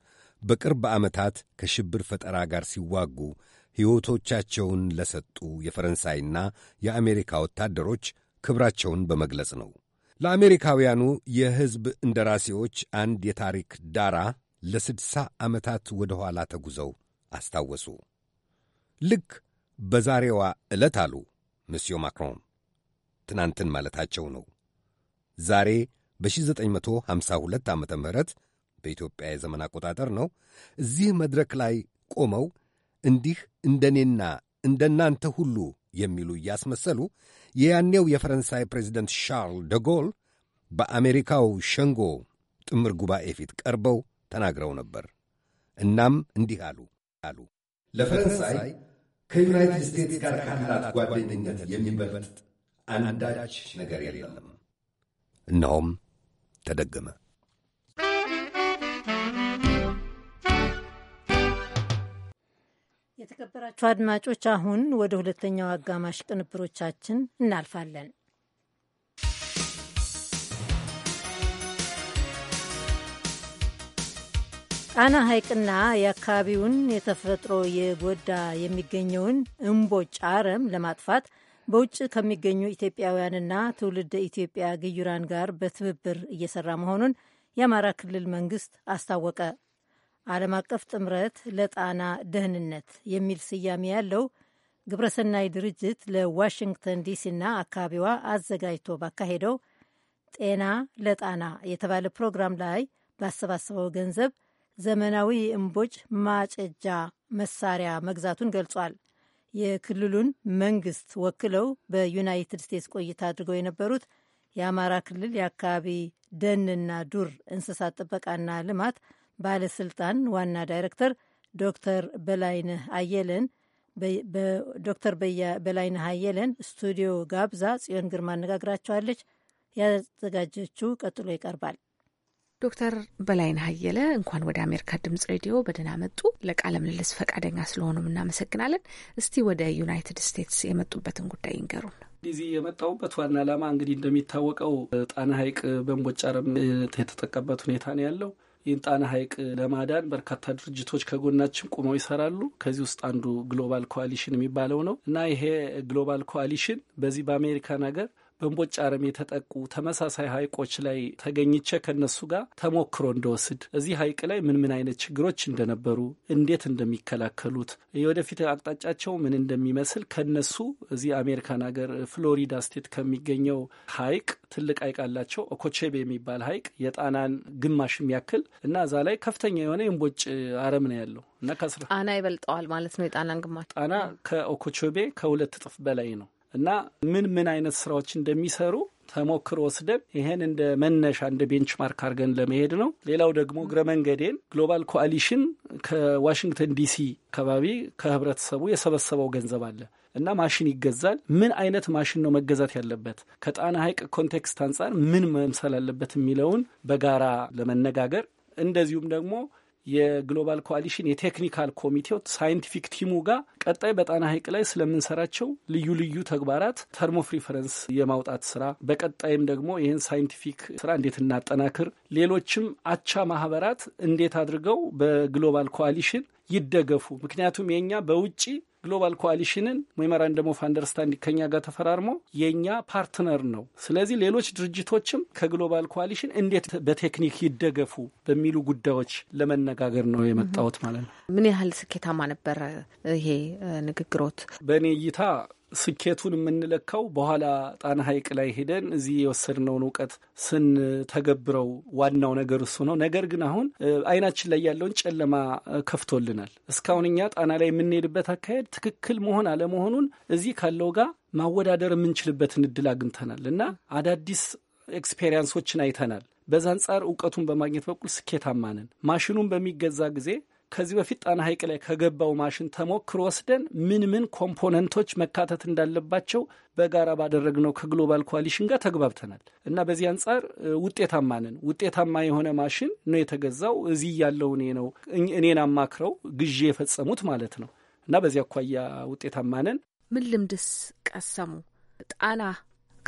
J: በቅርብ ዓመታት ከሽብር ፈጠራ ጋር ሲዋጉ ሕይወቶቻቸውን ለሰጡ የፈረንሳይና የአሜሪካ ወታደሮች ክብራቸውን በመግለጽ ነው። ለአሜሪካውያኑ የሕዝብ እንደራሴዎች አንድ የታሪክ ዳራ ለስድሳ ዓመታት ወደ ኋላ ተጉዘው አስታወሱ። ልክ በዛሬዋ ዕለት አሉ ምስዮ ማክሮን፣ ትናንትን ማለታቸው ነው። ዛሬ በ1952 ዓ ም በኢትዮጵያ የዘመን አቆጣጠር ነው። እዚህ መድረክ ላይ ቆመው እንዲህ እንደኔና እንደናንተ ሁሉ የሚሉ እያስመሰሉ የያኔው የፈረንሳይ ፕሬዚደንት ሻርል ደጎል በአሜሪካው ሸንጎ ጥምር ጉባኤ ፊት ቀርበው ተናግረው ነበር። እናም እንዲህ አሉ አሉ ለፈረንሳይ
C: ከዩናይትድ ስቴትስ ጋር ካላት ጓደኝነት የሚበልጥ
J: አንዳች ነገር የለም። እናውም ተደገመ።
D: የተከበራችሁ አድማጮች፣ አሁን ወደ ሁለተኛው አጋማሽ ቅንብሮቻችን እናልፋለን። ጣና ሐይቅና የአካባቢውን የተፈጥሮ የጎዳ የሚገኘውን እምቦጭ አረም ለማጥፋት በውጭ ከሚገኙ ኢትዮጵያውያንና ትውልድ ኢትዮጵያ ግዩራን ጋር በትብብር እየሰራ መሆኑን የአማራ ክልል መንግስት አስታወቀ። ዓለም አቀፍ ጥምረት ለጣና ደህንነት የሚል ስያሜ ያለው ግብረሰናይ ድርጅት ለዋሽንግተን ዲሲና አካባቢዋ አዘጋጅቶ ባካሄደው ጤና ለጣና የተባለ ፕሮግራም ላይ ባሰባሰበው ገንዘብ ዘመናዊ የእምቦጭ ማጨጃ መሳሪያ መግዛቱን ገልጿል። የክልሉን መንግስት ወክለው በዩናይትድ ስቴትስ ቆይታ አድርገው የነበሩት የአማራ ክልል የአካባቢ ደንና ዱር እንስሳት ጥበቃና ልማት ባለስልጣን ዋና ዳይሬክተር ዶክተር በላይነህ አየለን በዶክተር በላይነህ አየለን ስቱዲዮ ጋብዛ ጽዮን ግርማ አነጋግራቸዋለች። ያዘጋጀችው ቀጥሎ ይቀርባል። ዶክተር
H: በላይነህ አየለ እንኳን ወደ አሜሪካ ድምጽ ሬዲዮ በደህና መጡ። ለቃለ ምልልስ ፈቃደኛ ስለሆኑም እናመሰግናለን። እስቲ ወደ ዩናይትድ ስቴትስ የመጡበትን ጉዳይ ይንገሩን።
F: እዚህ የመጣሁበት ዋና ዓላማ እንግዲህ እንደሚታወቀው ጣና ሐይቅ በእምቦጭ አረም የተጠቀበት ሁኔታ ነው ያለው። ይህን ጣና ሐይቅ ለማዳን በርካታ ድርጅቶች ከጎናችን ቁመው ይሰራሉ። ከዚህ ውስጥ አንዱ ግሎባል ኮአሊሽን የሚባለው ነው እና ይሄ ግሎባል ኮአሊሽን በዚህ በአሜሪካን ሀገር በእምቦጭ አረም የተጠቁ ተመሳሳይ ሀይቆች ላይ ተገኝቼ ከነሱ ጋር ተሞክሮ እንደወስድ እዚህ ሀይቅ ላይ ምን ምን አይነት ችግሮች እንደነበሩ፣ እንዴት እንደሚከላከሉት፣ የወደፊት አቅጣጫቸው ምን እንደሚመስል ከነሱ እዚህ አሜሪካን ሀገር ፍሎሪዳ ስቴት ከሚገኘው ሀይቅ ትልቅ ሀይቅ አላቸው ኦኮቼቤ የሚባል ሀይቅ የጣናን ግማሽ የሚያክል እና እዛ ላይ ከፍተኛ የሆነ የእምቦጭ አረም ነው ያለው እና
H: ጣና ይበልጠዋል ማለት ነው። የጣናን ግማሽ
F: ጣና ከኦኮቾቤ ከሁለት እጥፍ በላይ ነው። እና ምን ምን አይነት ስራዎች እንደሚሰሩ ተሞክሮ ወስደን ይሄን እንደ መነሻ እንደ ቤንችማርክ አድርገን ለመሄድ ነው። ሌላው ደግሞ እግረ መንገዴን ግሎባል ኮአሊሽን ከዋሽንግተን ዲሲ አካባቢ ከህብረተሰቡ የሰበሰበው ገንዘብ አለ እና ማሽን ይገዛል። ምን አይነት ማሽን ነው መገዛት ያለበት፣ ከጣና ሐይቅ ኮንቴክስት አንጻር ምን መምሰል አለበት የሚለውን በጋራ ለመነጋገር እንደዚሁም ደግሞ የግሎባል ኮአሊሽን የቴክኒካል ኮሚቴው ሳይንቲፊክ ቲሙ ጋር ቀጣይ በጣና ሐይቅ ላይ ስለምንሰራቸው ልዩ ልዩ ተግባራት ተርሞፍ ሪፈረንስ የማውጣት ስራ፣ በቀጣይም ደግሞ ይህን ሳይንቲፊክ ስራ እንዴት እናጠናክር፣ ሌሎችም አቻ ማህበራት እንዴት አድርገው በግሎባል ኮአሊሽን ይደገፉ። ምክንያቱም የኛ በውጭ ግሎባል ኮአሊሽንን ሜሞራንደም ኦፍ አንደርስታንዲንግ ከኛ ጋር ተፈራርሞ የእኛ ፓርትነር ነው። ስለዚህ ሌሎች ድርጅቶችም ከግሎባል ኮአሊሽን እንዴት በቴክኒክ ይደገፉ በሚሉ ጉዳዮች ለመነጋገር ነው የመጣሁት ማለት ነው።
H: ምን ያህል ስኬታማ ነበር ይሄ ንግግሮት?
F: በእኔ እይታ ስኬቱን የምንለካው በኋላ ጣና ሐይቅ ላይ ሄደን እዚህ የወሰድነውን እውቀት ስንተገብረው ዋናው ነገር እሱ ነው። ነገር ግን አሁን አይናችን ላይ ያለውን ጨለማ ከፍቶልናል። እስካሁን እኛ ጣና ላይ የምንሄድበት አካሄድ ትክክል መሆን አለመሆኑን እዚህ ካለው ጋር ማወዳደር የምንችልበትን እድል አግኝተናል እና አዳዲስ ኤክስፔሪንሶችን አይተናል። በዛ አንጻር እውቀቱን በማግኘት በኩል ስኬታማ ነን። ማሽኑን በሚገዛ ጊዜ ከዚህ በፊት ጣና ሐይቅ ላይ ከገባው ማሽን ተሞክሮ ወስደን ምን ምን ኮምፖነንቶች መካተት እንዳለባቸው በጋራ ባደረግነው ከግሎባል ኮሊሽን ጋር ተግባብተናል እና በዚህ አንጻር ውጤታማ ነን። ውጤታማ የሆነ ማሽን ነው የተገዛው። እዚህ ያለው እኔ ነው እኔን አማክረው ግዢ የፈጸሙት ማለት ነው እና በዚህ አኳያ ውጤታማ ነን።
H: ምን ልምድስ ቀሰሙ? ጣና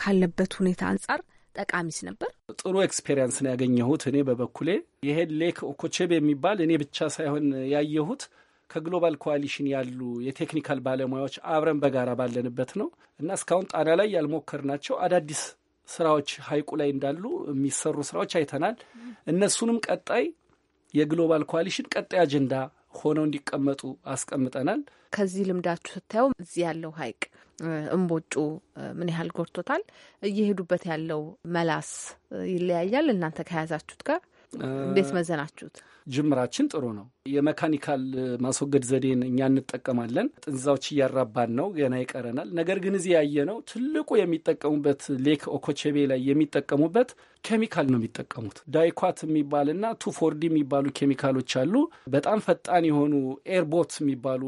H: ካለበት ሁኔታ አንጻር ጠቃሚስ ነበር?
F: ጥሩ ኤክስፔሪንስ ነው ያገኘሁት። እኔ በበኩሌ ይሄ ሌክ ኦኮቼብ የሚባል እኔ ብቻ ሳይሆን ያየሁት ከግሎባል ኮዋሊሽን ያሉ የቴክኒካል ባለሙያዎች አብረን በጋራ ባለንበት ነው እና እስካሁን ጣና ላይ ያልሞከርናቸው አዳዲስ ስራዎች ሀይቁ ላይ እንዳሉ የሚሰሩ ስራዎች አይተናል። እነሱንም ቀጣይ የግሎባል ኮዋሊሽን ቀጣይ አጀንዳ ሆነው እንዲቀመጡ አስቀምጠናል።
H: ከዚህ ልምዳችሁ ስታየው እዚህ ያለው ሀይቅ እምቦጩ ምን ያህል ጎድቶታል? እየሄዱበት ያለው መላስ ይለያያል እናንተ ከያዛችሁት ጋር እንዴት መዘናችሁት?
F: ጅምራችን ጥሩ ነው። የመካኒካል ማስወገድ ዘዴን እኛ እንጠቀማለን። ጥንዛዎች እያራባን ነው፣ ገና ይቀረናል። ነገር ግን እዚህ ያየ ነው ትልቁ የሚጠቀሙበት ሌክ ኦኮቼቤ ላይ የሚጠቀሙበት ኬሚካል ነው የሚጠቀሙት። ዳይኳት የሚባልና ቱፎርዲ የሚባሉ ኬሚካሎች አሉ። በጣም ፈጣን የሆኑ ኤርቦት የሚባሉ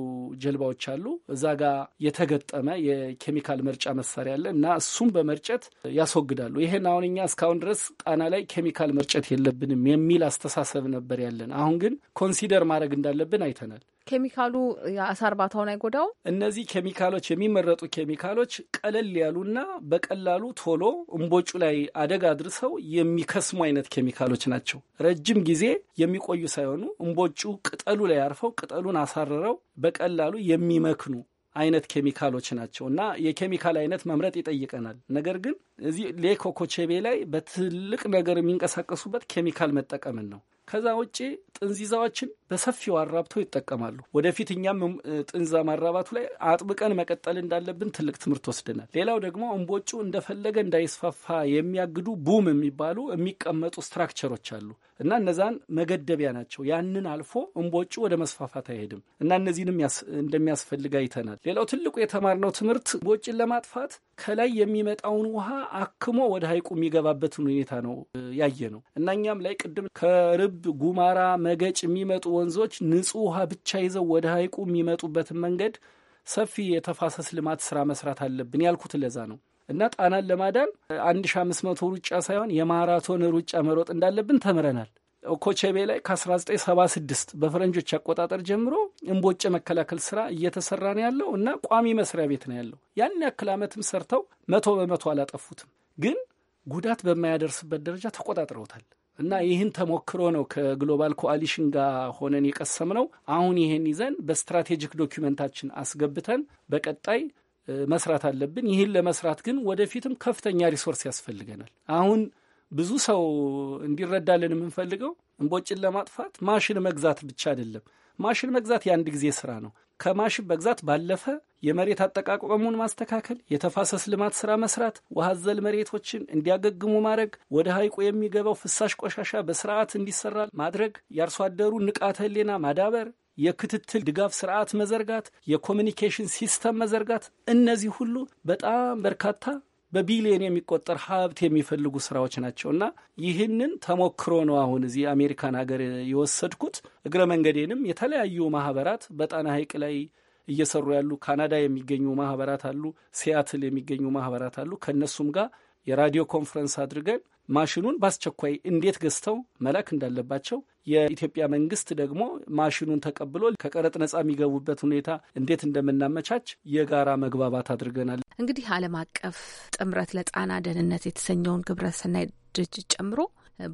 F: ጀልባዎች አሉ። እዛ ጋ የተገጠመ የኬሚካል መርጫ መሳሪያ አለ እና እሱም በመርጨት ያስወግዳሉ። ይሄን አሁን እኛ እስካሁን ድረስ ጣና ላይ ኬሚካል መርጨት የለብንም የሚል አስተሳሰብ ነበር ያለን። አሁን ግን ኮንሲደር ማድረግ እንዳለብን አይተናል።
H: ኬሚካሉ የአሳ እርባታውን አይጎዳው።
F: እነዚህ ኬሚካሎች የሚመረጡ ኬሚካሎች ቀለል ያሉና በቀላሉ ቶሎ እምቦጩ ላይ አደጋ አድርሰው የሚከስሙ አይነት ኬሚካሎች ናቸው። ረጅም ጊዜ የሚቆዩ ሳይሆኑ እምቦጩ ቅጠሉ ላይ አርፈው ቅጠሉን አሳርረው በቀላሉ የሚመክኑ አይነት ኬሚካሎች ናቸው እና የኬሚካል አይነት መምረጥ ይጠይቀናል። ነገር ግን እዚህ ሌኮኮቼቤ ላይ በትልቅ ነገር የሚንቀሳቀሱበት ኬሚካል መጠቀምን ነው። ከዛ ውጭ ጥንዚዛዎችን በሰፊው አራብተው ይጠቀማሉ። ወደፊት እኛም ጥንዛ ማራባቱ ላይ አጥብቀን መቀጠል እንዳለብን ትልቅ ትምህርት ወስደናል። ሌላው ደግሞ እንቦጩ እንደፈለገ እንዳይስፋፋ የሚያግዱ ቡም የሚባሉ የሚቀመጡ ስትራክቸሮች አሉ እና እነዛን መገደቢያ ናቸው። ያንን አልፎ እንቦጩ ወደ መስፋፋት አይሄድም እና እነዚህንም እንደሚያስፈልግ አይተናል። ሌላው ትልቁ የተማርነው ትምህርት እምቦጭን ለማጥፋት ከላይ የሚመጣውን ውሃ አክሞ ወደ ሀይቁ የሚገባበትን ሁኔታ ነው ያየ ነው እና እኛም ላይ ቅድም ከርብ ጉማራ፣ መገጭ የሚመጡ ወንዞች ንጹህ ውሃ ብቻ ይዘው ወደ ሐይቁ የሚመጡበትን መንገድ ሰፊ የተፋሰስ ልማት ስራ መስራት አለብን ያልኩት ለዛ ነው እና ጣናን ለማዳን 1ሺ5መቶ ሩጫ ሳይሆን የማራቶን ሩጫ መሮጥ እንዳለብን ተምረናል። ኮቼቤ ላይ ከ1976 በፈረንጆች አቆጣጠር ጀምሮ እምቦጭ መከላከል ስራ እየተሰራ ነው ያለው እና ቋሚ መስሪያ ቤት ነው ያለው። ያን ያክል ዓመትም ሰርተው መቶ በመቶ አላጠፉትም፣ ግን ጉዳት በማያደርስበት ደረጃ ተቆጣጥረውታል። እና ይህን ተሞክሮ ነው ከግሎባል ኮአሊሽን ጋር ሆነን የቀሰም ነው። አሁን ይህን ይዘን በስትራቴጂክ ዶኪመንታችን አስገብተን በቀጣይ መስራት አለብን። ይህን ለመስራት ግን ወደፊትም ከፍተኛ ሪሶርስ ያስፈልገናል። አሁን ብዙ ሰው እንዲረዳልን የምንፈልገው እምቦጭን ለማጥፋት ማሽን መግዛት ብቻ አይደለም። ማሽን መግዛት የአንድ ጊዜ ስራ ነው። ከማሽን መግዛት ባለፈ የመሬት አጠቃቀሙን ማስተካከል፣ የተፋሰስ ልማት ስራ መስራት፣ ውሃ መሬቶችን እንዲያገግሙ ማድረግ፣ ወደ ሐይቁ የሚገባው ፍሳሽ ቆሻሻ በስርዓት እንዲሰራ ማድረግ፣ የአርሶ አደሩ ንቃተ ህሊና ማዳበር፣ የክትትል ድጋፍ ስርዓት መዘርጋት፣ የኮሚኒኬሽን ሲስተም መዘርጋት፣ እነዚህ ሁሉ በጣም በርካታ በቢሊየን የሚቆጠር ሀብት የሚፈልጉ ስራዎች ናቸው እና ይህንን ተሞክሮ ነው አሁን እዚህ አሜሪካን ሀገር የወሰድኩት። እግረ መንገዴንም የተለያዩ ማህበራት በጣና ሐይቅ ላይ እየሰሩ ያሉ ካናዳ የሚገኙ ማህበራት አሉ፣ ሲያትል የሚገኙ ማህበራት አሉ። ከእነሱም ጋር የራዲዮ ኮንፈረንስ አድርገን ማሽኑን በአስቸኳይ እንዴት ገዝተው መላክ እንዳለባቸው የኢትዮጵያ መንግስት ደግሞ ማሽኑን ተቀብሎ ከቀረጥ ነጻ የሚገቡበት ሁኔታ እንዴት እንደምናመቻች የጋራ መግባባት አድርገናል።
H: እንግዲህ ዓለም አቀፍ ጥምረት ለጣና ደህንነት የተሰኘውን ግብረሰናይ ድርጅት ጨምሮ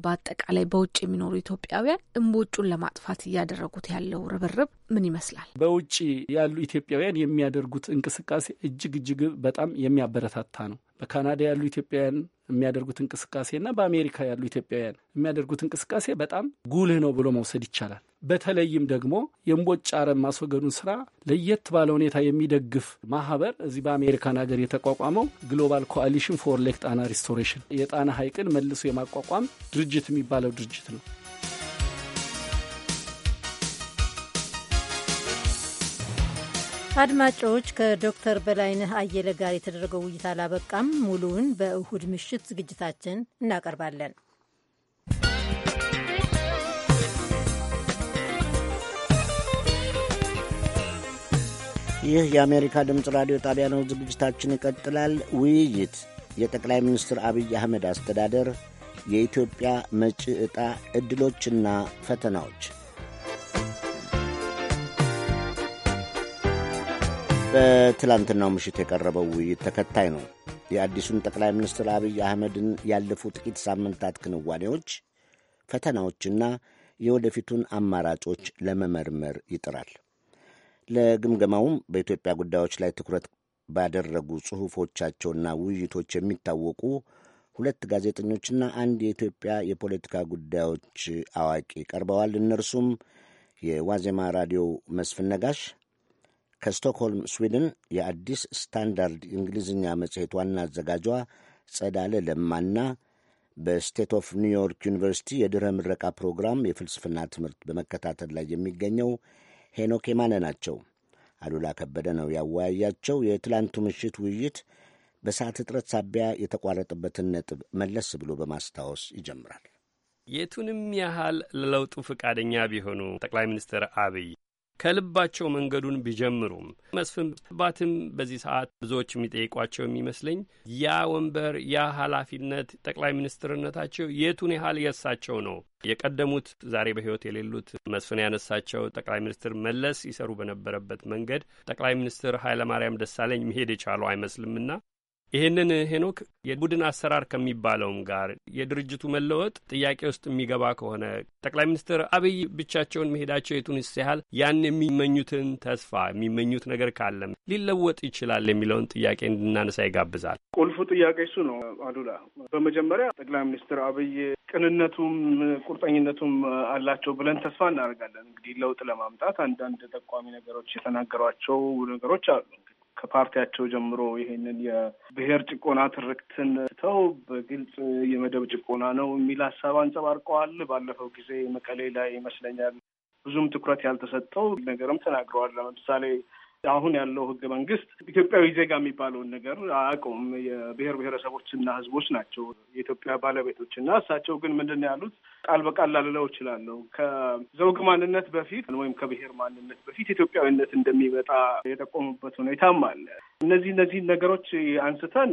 H: በአጠቃላይ በውጭ የሚኖሩ ኢትዮጵያውያን እምቦጩን ለማጥፋት እያደረጉት ያለው ርብርብ ምን ይመስላል?
F: በውጭ ያሉ ኢትዮጵያውያን የሚያደርጉት እንቅስቃሴ እጅግ እጅግ በጣም የሚያበረታታ ነው። በካናዳ ያሉ ኢትዮጵያውያን የሚያደርጉት እንቅስቃሴና በአሜሪካ ያሉ ኢትዮጵያውያን የሚያደርጉት እንቅስቃሴ በጣም ጉልህ ነው ብሎ መውሰድ ይቻላል። በተለይም ደግሞ የእምቦጭ አረም ማስወገዱን ስራ ለየት ባለ ሁኔታ የሚደግፍ ማህበር እዚህ በአሜሪካን ሀገር የተቋቋመው ግሎባል ኮአሊሽን ፎር ሌክ ጣና ሪስቶሬሽን የጣና ሐይቅን መልሶ የማቋቋም ድርጅት የሚባለው ድርጅት ነው።
D: አድማጮች ከዶክተር በላይነህ አየለ ጋር የተደረገው ውይይት አላበቃም። ሙሉውን በእሁድ ምሽት ዝግጅታችን እናቀርባለን።
A: ይህ የአሜሪካ ድምፅ ራዲዮ ጣቢያ ነው። ዝግጅታችን ይቀጥላል። ውይይት የጠቅላይ ሚኒስትር አብይ አህመድ አስተዳደር የኢትዮጵያ መጪ ዕጣ ዕድሎችና ፈተናዎች በትላንትናው ምሽት የቀረበው ውይይት ተከታይ ነው። የአዲሱን ጠቅላይ ሚኒስትር አብይ አህመድን ያለፉ ጥቂት ሳምንታት ክንዋኔዎች፣ ፈተናዎችና የወደፊቱን አማራጮች ለመመርመር ይጥራል። ለግምገማውም በኢትዮጵያ ጉዳዮች ላይ ትኩረት ባደረጉ ጽሑፎቻቸውና ውይይቶች የሚታወቁ ሁለት ጋዜጠኞችና አንድ የኢትዮጵያ የፖለቲካ ጉዳዮች አዋቂ ቀርበዋል። እነርሱም የዋዜማ ራዲዮ መስፍን ነጋሽ ከስቶክሆልም ስዊድን የአዲስ ስታንዳርድ እንግሊዝኛ መጽሔት ዋና አዘጋጇ ጸዳለ ለማና በስቴት ኦፍ ኒውዮርክ ዩኒቨርሲቲ የድኅረ ምረቃ ፕሮግራም የፍልስፍና ትምህርት በመከታተል ላይ የሚገኘው ሄኖክ የማነ ናቸው። አሉላ ከበደ ነው ያወያያቸው። የትላንቱ ምሽት ውይይት በሰዓት እጥረት ሳቢያ የተቋረጠበትን ነጥብ መለስ ብሎ በማስታወስ ይጀምራል።
K: የቱንም ያህል ለለውጡ ፈቃደኛ ቢሆኑ ጠቅላይ ሚኒስትር አብይ ከልባቸው መንገዱን ቢጀምሩም መስፍን ባትም በዚህ ሰዓት ብዙዎች የሚጠይቋቸው የሚመስለኝ ያ ወንበር ያ ኃላፊነት ጠቅላይ ሚኒስትርነታቸው የቱን ያህል የእሳቸው ነው? የቀደሙት ዛሬ በሕይወት የሌሉት መስፍን ያነሳቸው ጠቅላይ ሚኒስትር መለስ ይሰሩ በነበረበት መንገድ ጠቅላይ ሚኒስትር ኃይለማርያም ደሳለኝ መሄድ የቻሉ አይመስልምና ይህንን ሄኖክ የቡድን አሰራር ከሚባለውም ጋር የድርጅቱ መለወጥ ጥያቄ ውስጥ የሚገባ ከሆነ ጠቅላይ ሚኒስትር አብይ ብቻቸውን መሄዳቸው የቱንስ ያህል ያን የሚመኙትን ተስፋ የሚመኙት ነገር ካለም ሊለወጥ ይችላል የሚለውን ጥያቄ እንድናነሳ ይጋብዛል።
L: ቁልፉ ጥያቄ እሱ ነው አሉላ። በመጀመሪያ ጠቅላይ ሚኒስትር አብይ ቅንነቱም ቁርጠኝነቱም አላቸው ብለን ተስፋ እናደርጋለን። እንግዲህ ለውጥ ለማምጣት አንዳንድ ጠቋሚ ነገሮች የተናገሯቸው ነገሮች አሉ ከፓርቲያቸው ጀምሮ ይሄንን የብሔር ጭቆና ትርክትን ትተው በግልጽ የመደብ ጭቆና ነው የሚል ሀሳብ አንጸባርቀዋል። ባለፈው ጊዜ መቀሌ ላይ ይመስለኛል ብዙም ትኩረት ያልተሰጠው ነገርም ተናግረዋል። ለምሳሌ አሁን ያለው ህገ መንግስት ኢትዮጵያዊ ዜጋ የሚባለውን ነገር አያውቀውም። የብሔር ብሔረሰቦችና ህዝቦች ናቸው የኢትዮጵያ ባለቤቶች እና እሳቸው ግን ምንድን ነው ያሉት? ቃል በቃል ላልለው እችላለሁ። ከዘውግ ማንነት በፊት ወይም ከብሔር ማንነት በፊት ኢትዮጵያዊነት እንደሚመጣ የጠቆሙበት ሁኔታም አለ። እነዚህ እነዚህ ነገሮች አንስተን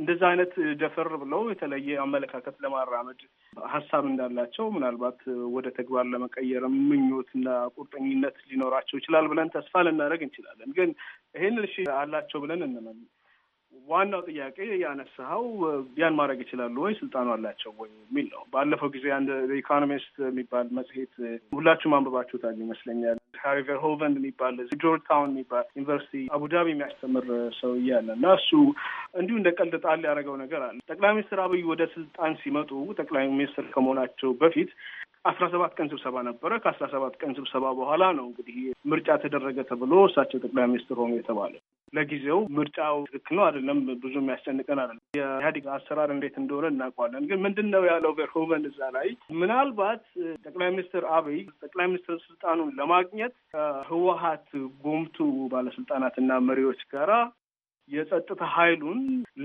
L: እንደዛ አይነት ደፈር ብለው የተለየ አመለካከት ለማራመድ ሀሳብ እንዳላቸው ምናልባት ወደ ተግባር ለመቀየር ምኞትና ቁርጠኝነት ሊኖራቸው ይችላል ብለን ተስፋ ልናደርግ እንችላለን። ግን ይህን እሺ አላቸው ብለን እንመን። ዋናው ጥያቄ ያነሳኸው ያን ማድረግ ይችላሉ ወይ፣ ስልጣኑ አላቸው ወይ የሚል ነው። ባለፈው ጊዜ አንድ ኢኮኖሚስት የሚባል መጽሔት ሁላችሁም አንብባችሁታል ይመስለኛል ካሪ ቨርሆቨንድ የሚባል ጆርጅ ታውን የሚባል ዩኒቨርሲቲ አቡዳቢ የሚያስተምር ሰው እያለ እና እሱ እንዲሁ እንደ ቀልድ ጣል ያደረገው ነገር አለ። ጠቅላይ ሚኒስትር አብይ ወደ ስልጣን ሲመጡ ጠቅላይ ሚኒስትር ከመሆናቸው በፊት አስራ ሰባት ቀን ስብሰባ ነበረ። ከአስራ ሰባት ቀን ስብሰባ በኋላ ነው እንግዲህ ምርጫ ተደረገ ተብሎ እሳቸው ጠቅላይ ሚኒስትር ሆኑ የተባለ ለጊዜው ምርጫው ትክክል ነው አይደለም፣ ብዙ የሚያስጨንቀን አይደለም። የኢህአዴግ አሰራር እንዴት እንደሆነ እናውቀዋለን። ግን ምንድን ነው ያለው ቨርሆቨን እዛ ላይ ምናልባት ጠቅላይ ሚኒስትር አብይ ጠቅላይ ሚኒስትር ስልጣኑን ለማግኘት ከህወሀት ጎምቱ ባለስልጣናትና መሪዎች ጋራ የጸጥታ ኃይሉን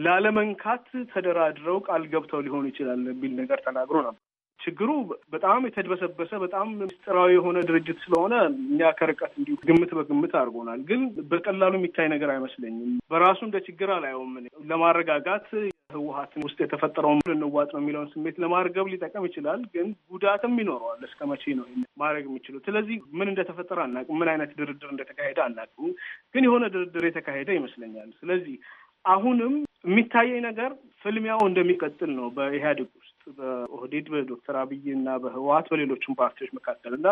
L: ላለመንካት ተደራድረው ቃል ገብተው ሊሆን ይችላል የሚል ነገር ተናግሮ ነበር። ችግሩ በጣም የተድበሰበሰ በጣም ምስጢራዊ የሆነ ድርጅት ስለሆነ እኛ ከርቀት እንዲሁ ግምት በግምት አድርጎናል። ግን በቀላሉ የሚታይ ነገር አይመስለኝም። በራሱ እንደ ችግር አላየውም። ለማረጋጋት ህወሀትን ውስጥ የተፈጠረውን ልንዋጥ ነው የሚለውን ስሜት ለማርገብ ሊጠቀም ይችላል። ግን ጉዳትም ይኖረዋል። እስከ መቼ ነው ማድረግ የሚችሉት? ስለዚህ ምን እንደተፈጠረ አናውቅም። ምን አይነት ድርድር እንደተካሄደ አናውቅም። ግን የሆነ ድርድር የተካሄደ ይመስለኛል። ስለዚህ አሁንም የሚታየኝ ነገር ፍልሚያው እንደሚቀጥል ነው በኢህአዴግ ውስጥ በኦህዴድ በዶክተር አብይ እና በህወሀት በሌሎችም ፓርቲዎች መካከል እና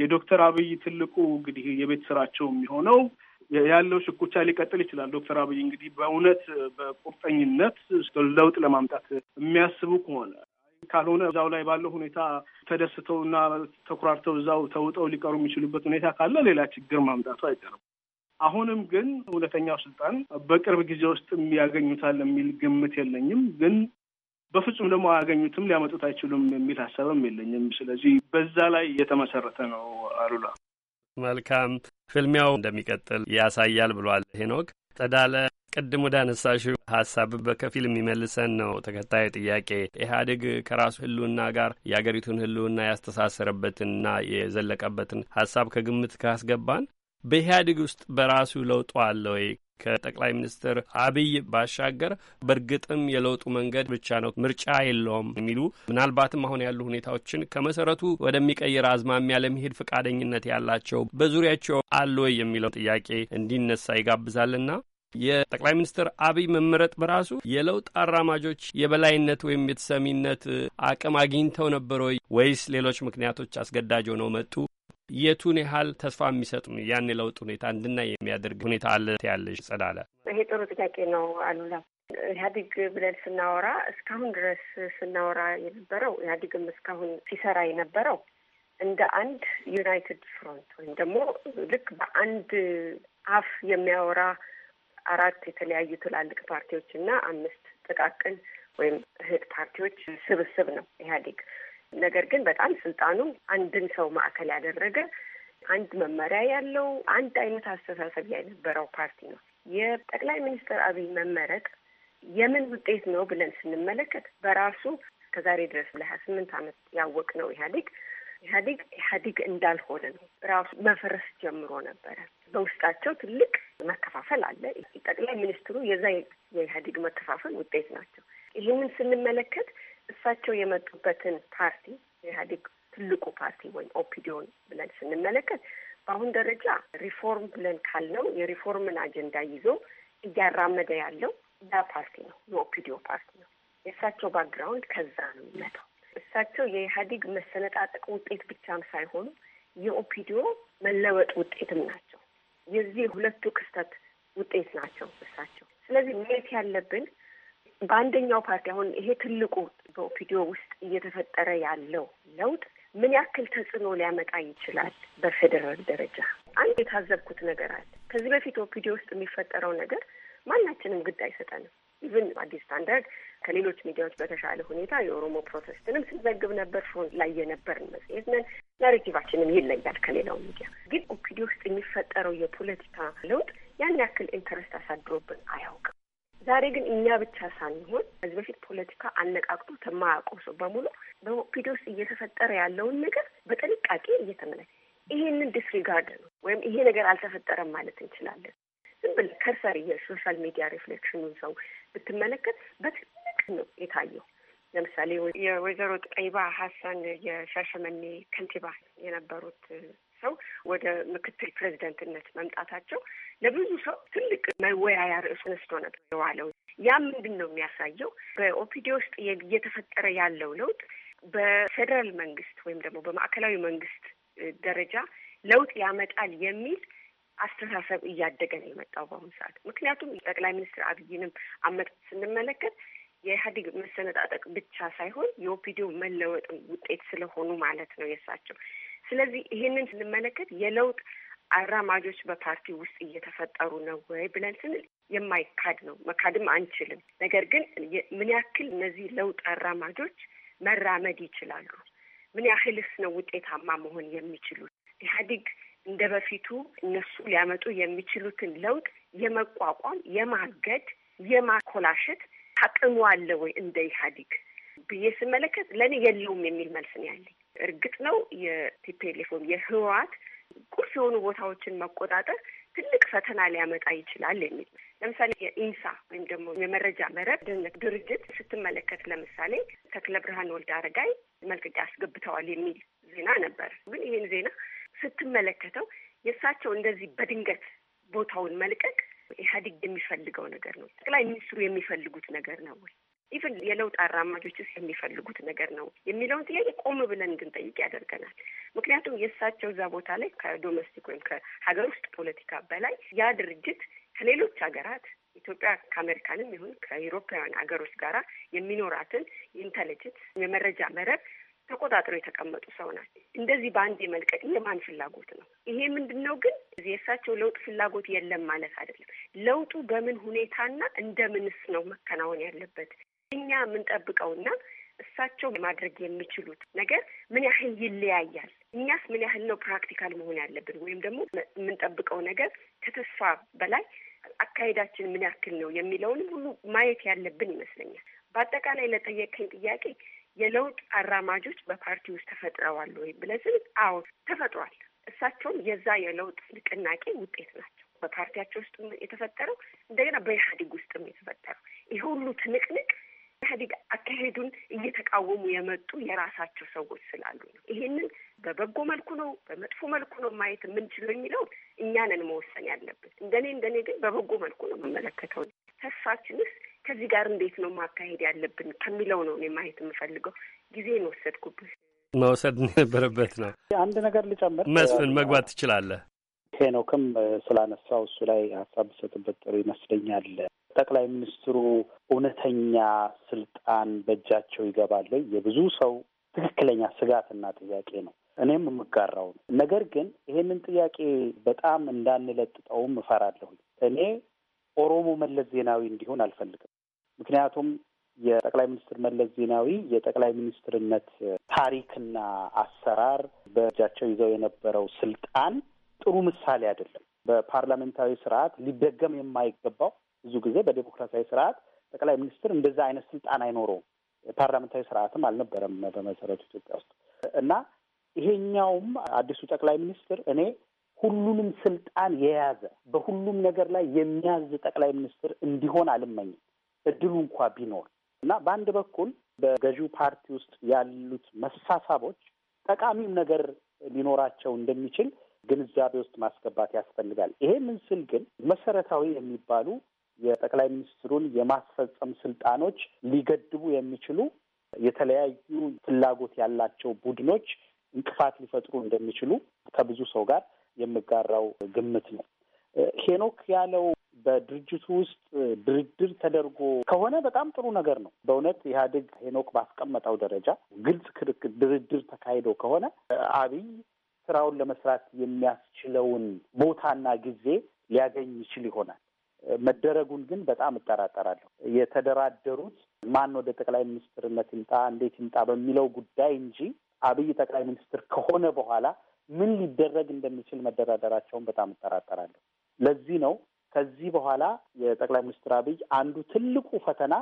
L: የዶክተር አብይ ትልቁ እንግዲህ የቤት ስራቸው የሚሆነው ያለው ሽኩቻ ሊቀጥል ይችላል። ዶክተር አብይ እንግዲህ በእውነት በቁርጠኝነት ለውጥ ለማምጣት የሚያስቡ ከሆነ ካልሆነ እዛው ላይ ባለው ሁኔታ ተደስተው እና ተኩራርተው እዛው ተውጠው ሊቀሩ የሚችሉበት ሁኔታ ካለ ሌላ ችግር ማምጣቱ አይቀርም። አሁንም ግን እውነተኛው ስልጣን በቅርብ ጊዜ ውስጥ ያገኙታል የሚል ግምት የለኝም። ግን በፍጹም ደግሞ አያገኙትም፣ ሊያመጡት አይችሉም የሚል ሀሳብም የለኝም። ስለዚህ በዛ ላይ የተመሰረተ ነው። አሉላ
K: መልካም ፍልሚያው እንደሚቀጥል ያሳያል ብሏል ሄኖክ ጸዳለ። ቅድም ወደ አነሳሽው ሀሳብ በከፊል የሚመልሰን ነው ተከታዩ ጥያቄ። ኢህአዴግ ከራሱ ህልውና ጋር የአገሪቱን ህልውና ያስተሳሰረበትንና የዘለቀበትን ሀሳብ ከግምት ካስገባን በኢህአዴግ ውስጥ በራሱ ለውጡ አለ ወይ? ከጠቅላይ ሚኒስትር አብይ ባሻገር በእርግጥም የለውጡ መንገድ ብቻ ነው ምርጫ የለውም የሚሉ ምናልባትም አሁን ያሉ ሁኔታዎችን ከመሰረቱ ወደሚቀይር አዝማሚያ ለመሄድ ፈቃደኝነት ያላቸው በዙሪያቸው አሉ ወይ የሚለው ጥያቄ እንዲነሳ ይጋብዛልና የጠቅላይ ሚኒስትር አብይ መመረጥ በራሱ የለውጥ አራማጆች የበላይነት ወይም የተሰሚነት አቅም አግኝተው ነበር ወይ ወይስ ሌሎች ምክንያቶች አስገዳጅ ሆነው መጡ? የቱን ያህል ተስፋ የሚሰጥ ያን የለውጥ ሁኔታ እንድናይ የሚያደርግ ሁኔታ አለ ያለሽ ጸዳለ?
M: ይሄ ጥሩ ጥያቄ ነው አሉላ። ኢህአዲግ ብለን ስናወራ እስካሁን ድረስ ስናወራ የነበረው ኢህአዲግም እስካሁን ሲሰራ የነበረው እንደ አንድ ዩናይትድ ፍሮንት ወይም ደግሞ ልክ በአንድ አፍ የሚያወራ አራት የተለያዩ ትላልቅ ፓርቲዎች እና አምስት ጥቃቅን ወይም እህት ፓርቲዎች ስብስብ ነው ኢህአዴግ። ነገር ግን በጣም ስልጣኑ አንድን ሰው ማዕከል ያደረገ አንድ መመሪያ ያለው አንድ አይነት አስተሳሰብ የነበረው ፓርቲ ነው። የጠቅላይ ሚኒስትር አብይ መመረጥ የምን ውጤት ነው ብለን ስንመለከት በራሱ እስከዛሬ ድረስ ለሀያ ስምንት ዓመት ያወቅ ነው ኢህአዴግ ኢህአዴግ ኢህአዴግ እንዳልሆነ ነው ራሱ መፈረስ ጀምሮ ነበረ። በውስጣቸው ትልቅ መከፋፈል አለ። ጠቅላይ ሚኒስትሩ የዛ የኢህአዴግ መከፋፈል ውጤት ናቸው። ይህንን ስንመለከት እሳቸው የመጡበትን ፓርቲ ኢህአዴግ ትልቁ ፓርቲ ወይም ኦፒዲዮን ብለን ስንመለከት በአሁን ደረጃ ሪፎርም ብለን ካልነው የሪፎርምን አጀንዳ ይዞ እያራመደ ያለው ያ ፓርቲ ነው፣ የኦፒዲዮ ፓርቲ ነው። የእሳቸው ባክግራውንድ ከዛ ነው የሚመጣው። እሳቸው የኢህአዴግ መሰነጣጠቅ ውጤት ብቻም ሳይሆኑ የኦፒዲዮ መለወጥ ውጤትም ናቸው። የዚህ ሁለቱ ክስተት ውጤት ናቸው እሳቸው። ስለዚህ ማየት ያለብን በአንደኛው ፓርቲ አሁን ይሄ ትልቁ በኦፒዲዮ ውስጥ እየተፈጠረ ያለው ለውጥ ምን ያክል ተጽዕኖ ሊያመጣ ይችላል? በፌዴራል ደረጃ አንድ የታዘብኩት ነገር አለ። ከዚህ በፊት ኦፒዲዮ ውስጥ የሚፈጠረው ነገር ማናችንም ግድ አይሰጠንም። ኢቭን አዲስ ስታንዳርድ ከሌሎች ሚዲያዎች በተሻለ ሁኔታ የኦሮሞ ፕሮቴስትንም ስንዘግብ ነበር። ፍሮንት ላይ የነበርን መጽሔት ነን። ናሬቲቫችንም ይለያል ከሌላው ሚዲያ። ግን ኦፒዲዮ ውስጥ የሚፈጠረው የፖለቲካ ለውጥ ያን ያክል ኢንተረስት አሳድሮብን አያውቅም። ዛሬ ግን እኛ ብቻ ሳንሆን ከዚህ በፊት ፖለቲካ አነቃቅቶ የማያውቀው ሰው በሙሉ በኦፒዲ ውስጥ እየተፈጠረ ያለውን ነገር በጥንቃቄ እየተመለከ ይሄንን ዲስሪጋርድ ነው ወይም ይሄ ነገር አልተፈጠረም ማለት እንችላለን። ዝም ብለህ ከርሰር የሶሻል ሚዲያ ሪፍሌክሽኑን ሰው ብትመለከት በትልቅ ነው የታየው። ለምሳሌ የወይዘሮ ጠይባ ሀሳን የሻሸመኔ ከንቲባ የነበሩት ተነስተው ወደ ምክትል ፕሬዚደንትነት መምጣታቸው ለብዙ ሰው ትልቅ መወያያ ርዕስ ነስቶ ነበር የዋለው። ያ ምንድን ነው የሚያሳየው? በኦፒዲ ውስጥ እየተፈጠረ ያለው ለውጥ በፌዴራል መንግስት ወይም ደግሞ በማዕከላዊ መንግስት ደረጃ ለውጥ ያመጣል የሚል አስተሳሰብ እያደገ ነው የመጣው በአሁኑ ሰዓት። ምክንያቱም ጠቅላይ ሚኒስትር አብይንም አመጣት ስንመለከት የኢህአዴግ መሰነጣጠቅ ብቻ ሳይሆን የኦፒዲዮ መለወጥ ውጤት ስለሆኑ ማለት ነው የእሳቸው ስለዚህ ይህንን ስንመለከት የለውጥ አራማጆች በፓርቲ ውስጥ እየተፈጠሩ ነው ወይ ብለን ስንል የማይካድ ነው፣ መካድም አንችልም። ነገር ግን ምን ያክል እነዚህ ለውጥ አራማጆች መራመድ ይችላሉ? ምን ያህልስ ነው ውጤታማ መሆን የሚችሉት? ኢህአዲግ እንደ በፊቱ እነሱ ሊያመጡ የሚችሉትን ለውጥ የመቋቋም የማገድ፣ የማኮላሸት አቅሙ አለ ወይ እንደ ኢህአዲግ ብዬ ስመለከት ለእኔ የለውም የሚል መልስ ነው ያለኝ። እርግጥ ነው የቲፒኤልኤፍ ወይም የህወሓት ቁልፍ የሆኑ ቦታዎችን መቆጣጠር ትልቅ ፈተና ሊያመጣ ይችላል የሚል ለምሳሌ የኢንሳ ወይም ደግሞ የመረጃ መረብ ደህንነት ድርጅት ስትመለከት ለምሳሌ ተክለ ብርሃን ወልድ አረጋይ መልቀቂያ አስገብተዋል የሚል ዜና ነበር። ግን ይህን ዜና ስትመለከተው የእሳቸው እንደዚህ በድንገት ቦታውን መልቀቅ ኢህአዴግ የሚፈልገው ነገር ነው፣ ጠቅላይ ሚኒስትሩ የሚፈልጉት ነገር ነው ወይ? ኢቨን የለውጥ አራማጆችስ የሚፈልጉት ነገር ነው የሚለውን ጥያቄ ቆም ብለን እንድንጠይቅ ያደርገናል። ምክንያቱም የእሳቸው እዛ ቦታ ላይ ከዶሜስቲክ ወይም ከሀገር ውስጥ ፖለቲካ በላይ ያ ድርጅት ከሌሎች ሀገራት ኢትዮጵያ ከአሜሪካንም ይሁን ከአውሮፓውያን ሀገሮች ጋራ የሚኖራትን ኢንተለጀንስ የመረጃ መረብ ተቆጣጥሮ የተቀመጡ ሰው ናቸው። እንደዚህ በአንድ የመልቀቅ የማን ፍላጎት ነው? ይሄ ምንድን ነው ግን የእሳቸው ለውጥ ፍላጎት የለም ማለት አይደለም። ለውጡ በምን ሁኔታና እንደምንስ ነው መከናወን ያለበት እኛ የምንጠብቀውና እሳቸው ማድረግ የሚችሉት ነገር ምን ያህል ይለያያል? እኛስ ምን ያህል ነው ፕራክቲካል መሆን ያለብን? ወይም ደግሞ የምንጠብቀው ነገር ከተስፋ በላይ አካሄዳችን ምን ያክል ነው የሚለውንም ሁሉ ማየት ያለብን ይመስለኛል። በአጠቃላይ ለጠየቀኝ ጥያቄ የለውጥ አራማጆች በፓርቲ ውስጥ ተፈጥረዋል ወይ ብለህ አዎ ተፈጥሯል። እሳቸውም የዛ የለውጥ ንቅናቄ ውጤት ናቸው። በፓርቲያቸው ውስጥ የተፈጠረው እንደገና በኢህአዴግ ውስጥም የተፈጠረው ይህ ሁሉ ትንቅንቅ ኢህአዴግ አካሄዱን እየተቃወሙ የመጡ የራሳቸው ሰዎች ስላሉ ነው። ይሄንን በበጎ መልኩ ነው በመጥፎ መልኩ ነው ማየት የምንችለው የሚለው እኛንን መወሰን ያለብን። እንደኔ እንደኔ ግን በበጎ መልኩ ነው የምመለከተው። ተስፋችንስ ከዚህ ጋር እንዴት ነው ማካሄድ ያለብን ከሚለው ነው እኔ ማየት የምፈልገው። ጊዜ የወሰድኩብህ
K: መውሰድ የነበረበት ነው።
I: አንድ ነገር ልጨምር። መስፍን
K: መግባት ትችላለህ።
I: ሄኖክም ስላነሳው እሱ ላይ ሀሳብ ሰጥበት ጥሩ ይመስለኛል። ጠቅላይ ሚኒስትሩ እውነተኛ ስልጣን በእጃቸው ይገባል ወይ የብዙ ሰው ትክክለኛ ስጋትና ጥያቄ ነው። እኔም የምጋራው ነው። ነገር ግን ይሄንን ጥያቄ በጣም እንዳንለጥጠውም እፈራለሁ። እኔ ኦሮሞ መለስ ዜናዊ እንዲሆን አልፈልግም። ምክንያቱም የጠቅላይ ሚኒስትር መለስ ዜናዊ የጠቅላይ ሚኒስትርነት ታሪክና አሰራር በእጃቸው ይዘው የነበረው ስልጣን ጥሩ ምሳሌ አይደለም። በፓርላሜንታዊ ስርዓት ሊደገም የማይገባው ብዙ ጊዜ በዴሞክራሲያዊ ስርዓት ጠቅላይ ሚኒስትር እንደዛ አይነት ስልጣን አይኖረውም። ፓርላመንታዊ ስርዓትም አልነበረም በመሰረቱ ኢትዮጵያ ውስጥ እና ይሄኛውም አዲሱ ጠቅላይ ሚኒስትር እኔ ሁሉንም ስልጣን የያዘ በሁሉም ነገር ላይ የሚያዝ ጠቅላይ ሚኒስትር እንዲሆን አልመኝም፣ እድሉ እንኳ ቢኖር እና በአንድ በኩል በገዢው ፓርቲ ውስጥ ያሉት መሳሳቦች ጠቃሚም ነገር ሊኖራቸው እንደሚችል ግንዛቤ ውስጥ ማስገባት ያስፈልጋል። ይሄንን ስል ግን መሰረታዊ የሚባሉ የጠቅላይ ሚኒስትሩን የማስፈጸም ስልጣኖች ሊገድቡ የሚችሉ የተለያዩ ፍላጎት ያላቸው ቡድኖች እንቅፋት ሊፈጥሩ እንደሚችሉ ከብዙ ሰው ጋር የምጋራው ግምት ነው። ሄኖክ ያለው በድርጅቱ ውስጥ ድርድር ተደርጎ ከሆነ በጣም ጥሩ ነገር ነው። በእውነት ኢህአዴግ ሄኖክ ባስቀመጠው ደረጃ ግልጽ ክርክር፣ ድርድር ተካሂዶ ከሆነ አብይ ስራውን ለመስራት የሚያስችለውን ቦታና ጊዜ ሊያገኝ ይችል ይሆናል። መደረጉን ግን በጣም እጠራጠራለሁ። የተደራደሩት ማን ወደ ጠቅላይ ሚኒስትርነት ይምጣ፣ እንዴት ይምጣ በሚለው ጉዳይ እንጂ አብይ ጠቅላይ ሚኒስትር ከሆነ በኋላ ምን ሊደረግ እንደሚችል መደራደራቸውን በጣም እጠራጠራለሁ። ለዚህ ነው ከዚህ በኋላ የጠቅላይ ሚኒስትር አብይ አንዱ ትልቁ ፈተና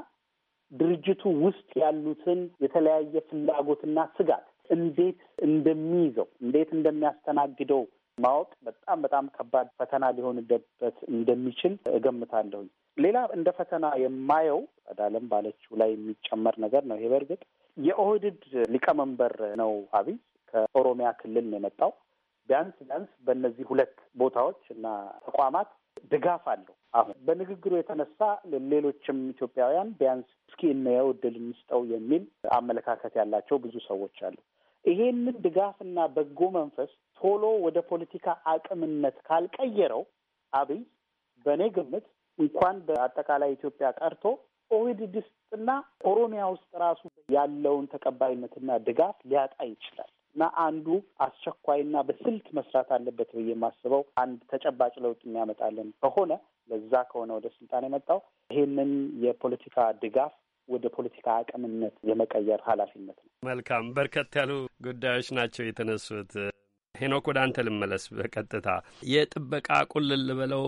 I: ድርጅቱ ውስጥ ያሉትን የተለያየ ፍላጎትና ስጋት እንዴት እንደሚይዘው እንዴት እንደሚያስተናግደው ማወቅ በጣም በጣም ከባድ ፈተና ሊሆንበት እንደሚችል እገምታለሁኝ። ሌላ እንደ ፈተና የማየው አዳለም ባለችው ላይ የሚጨመር ነገር ነው። ይሄ በእርግጥ የኦህድድ ሊቀመንበር ነው አብይ ከኦሮሚያ ክልል ነው የመጣው። ቢያንስ ቢያንስ በእነዚህ ሁለት ቦታዎች እና ተቋማት ድጋፍ አለው። አሁን በንግግሩ የተነሳ ሌሎችም ኢትዮጵያውያን ቢያንስ እስኪ እናየው እድል እንስጠው የሚል አመለካከት ያላቸው ብዙ ሰዎች አሉ። ይሄንን ድጋፍና በጎ መንፈስ ቶሎ ወደ ፖለቲካ አቅምነት ካልቀየረው አብይ በእኔ ግምት እንኳን በአጠቃላይ ኢትዮጵያ ቀርቶ ኦህዴድ ውስጥና ኦሮሚያ ውስጥ ራሱ ያለውን ተቀባይነትና ድጋፍ ሊያጣ ይችላል እና አንዱ አስቸኳይና በስልት መስራት አለበት ብዬ የማስበው አንድ ተጨባጭ ለውጥ የሚያመጣልን ከሆነ ለዛ ከሆነ ወደ ስልጣን የመጣው ይህንን የፖለቲካ ድጋፍ ወደ ፖለቲካ አቅምነት የመቀየር ኃላፊነት ነው።
K: መልካም በርከት ያሉ ጉዳዮች ናቸው የተነሱት። ሄኖክ ወደ አንተ ልመለስ በቀጥታ የጥበቃ ቁልል ብለው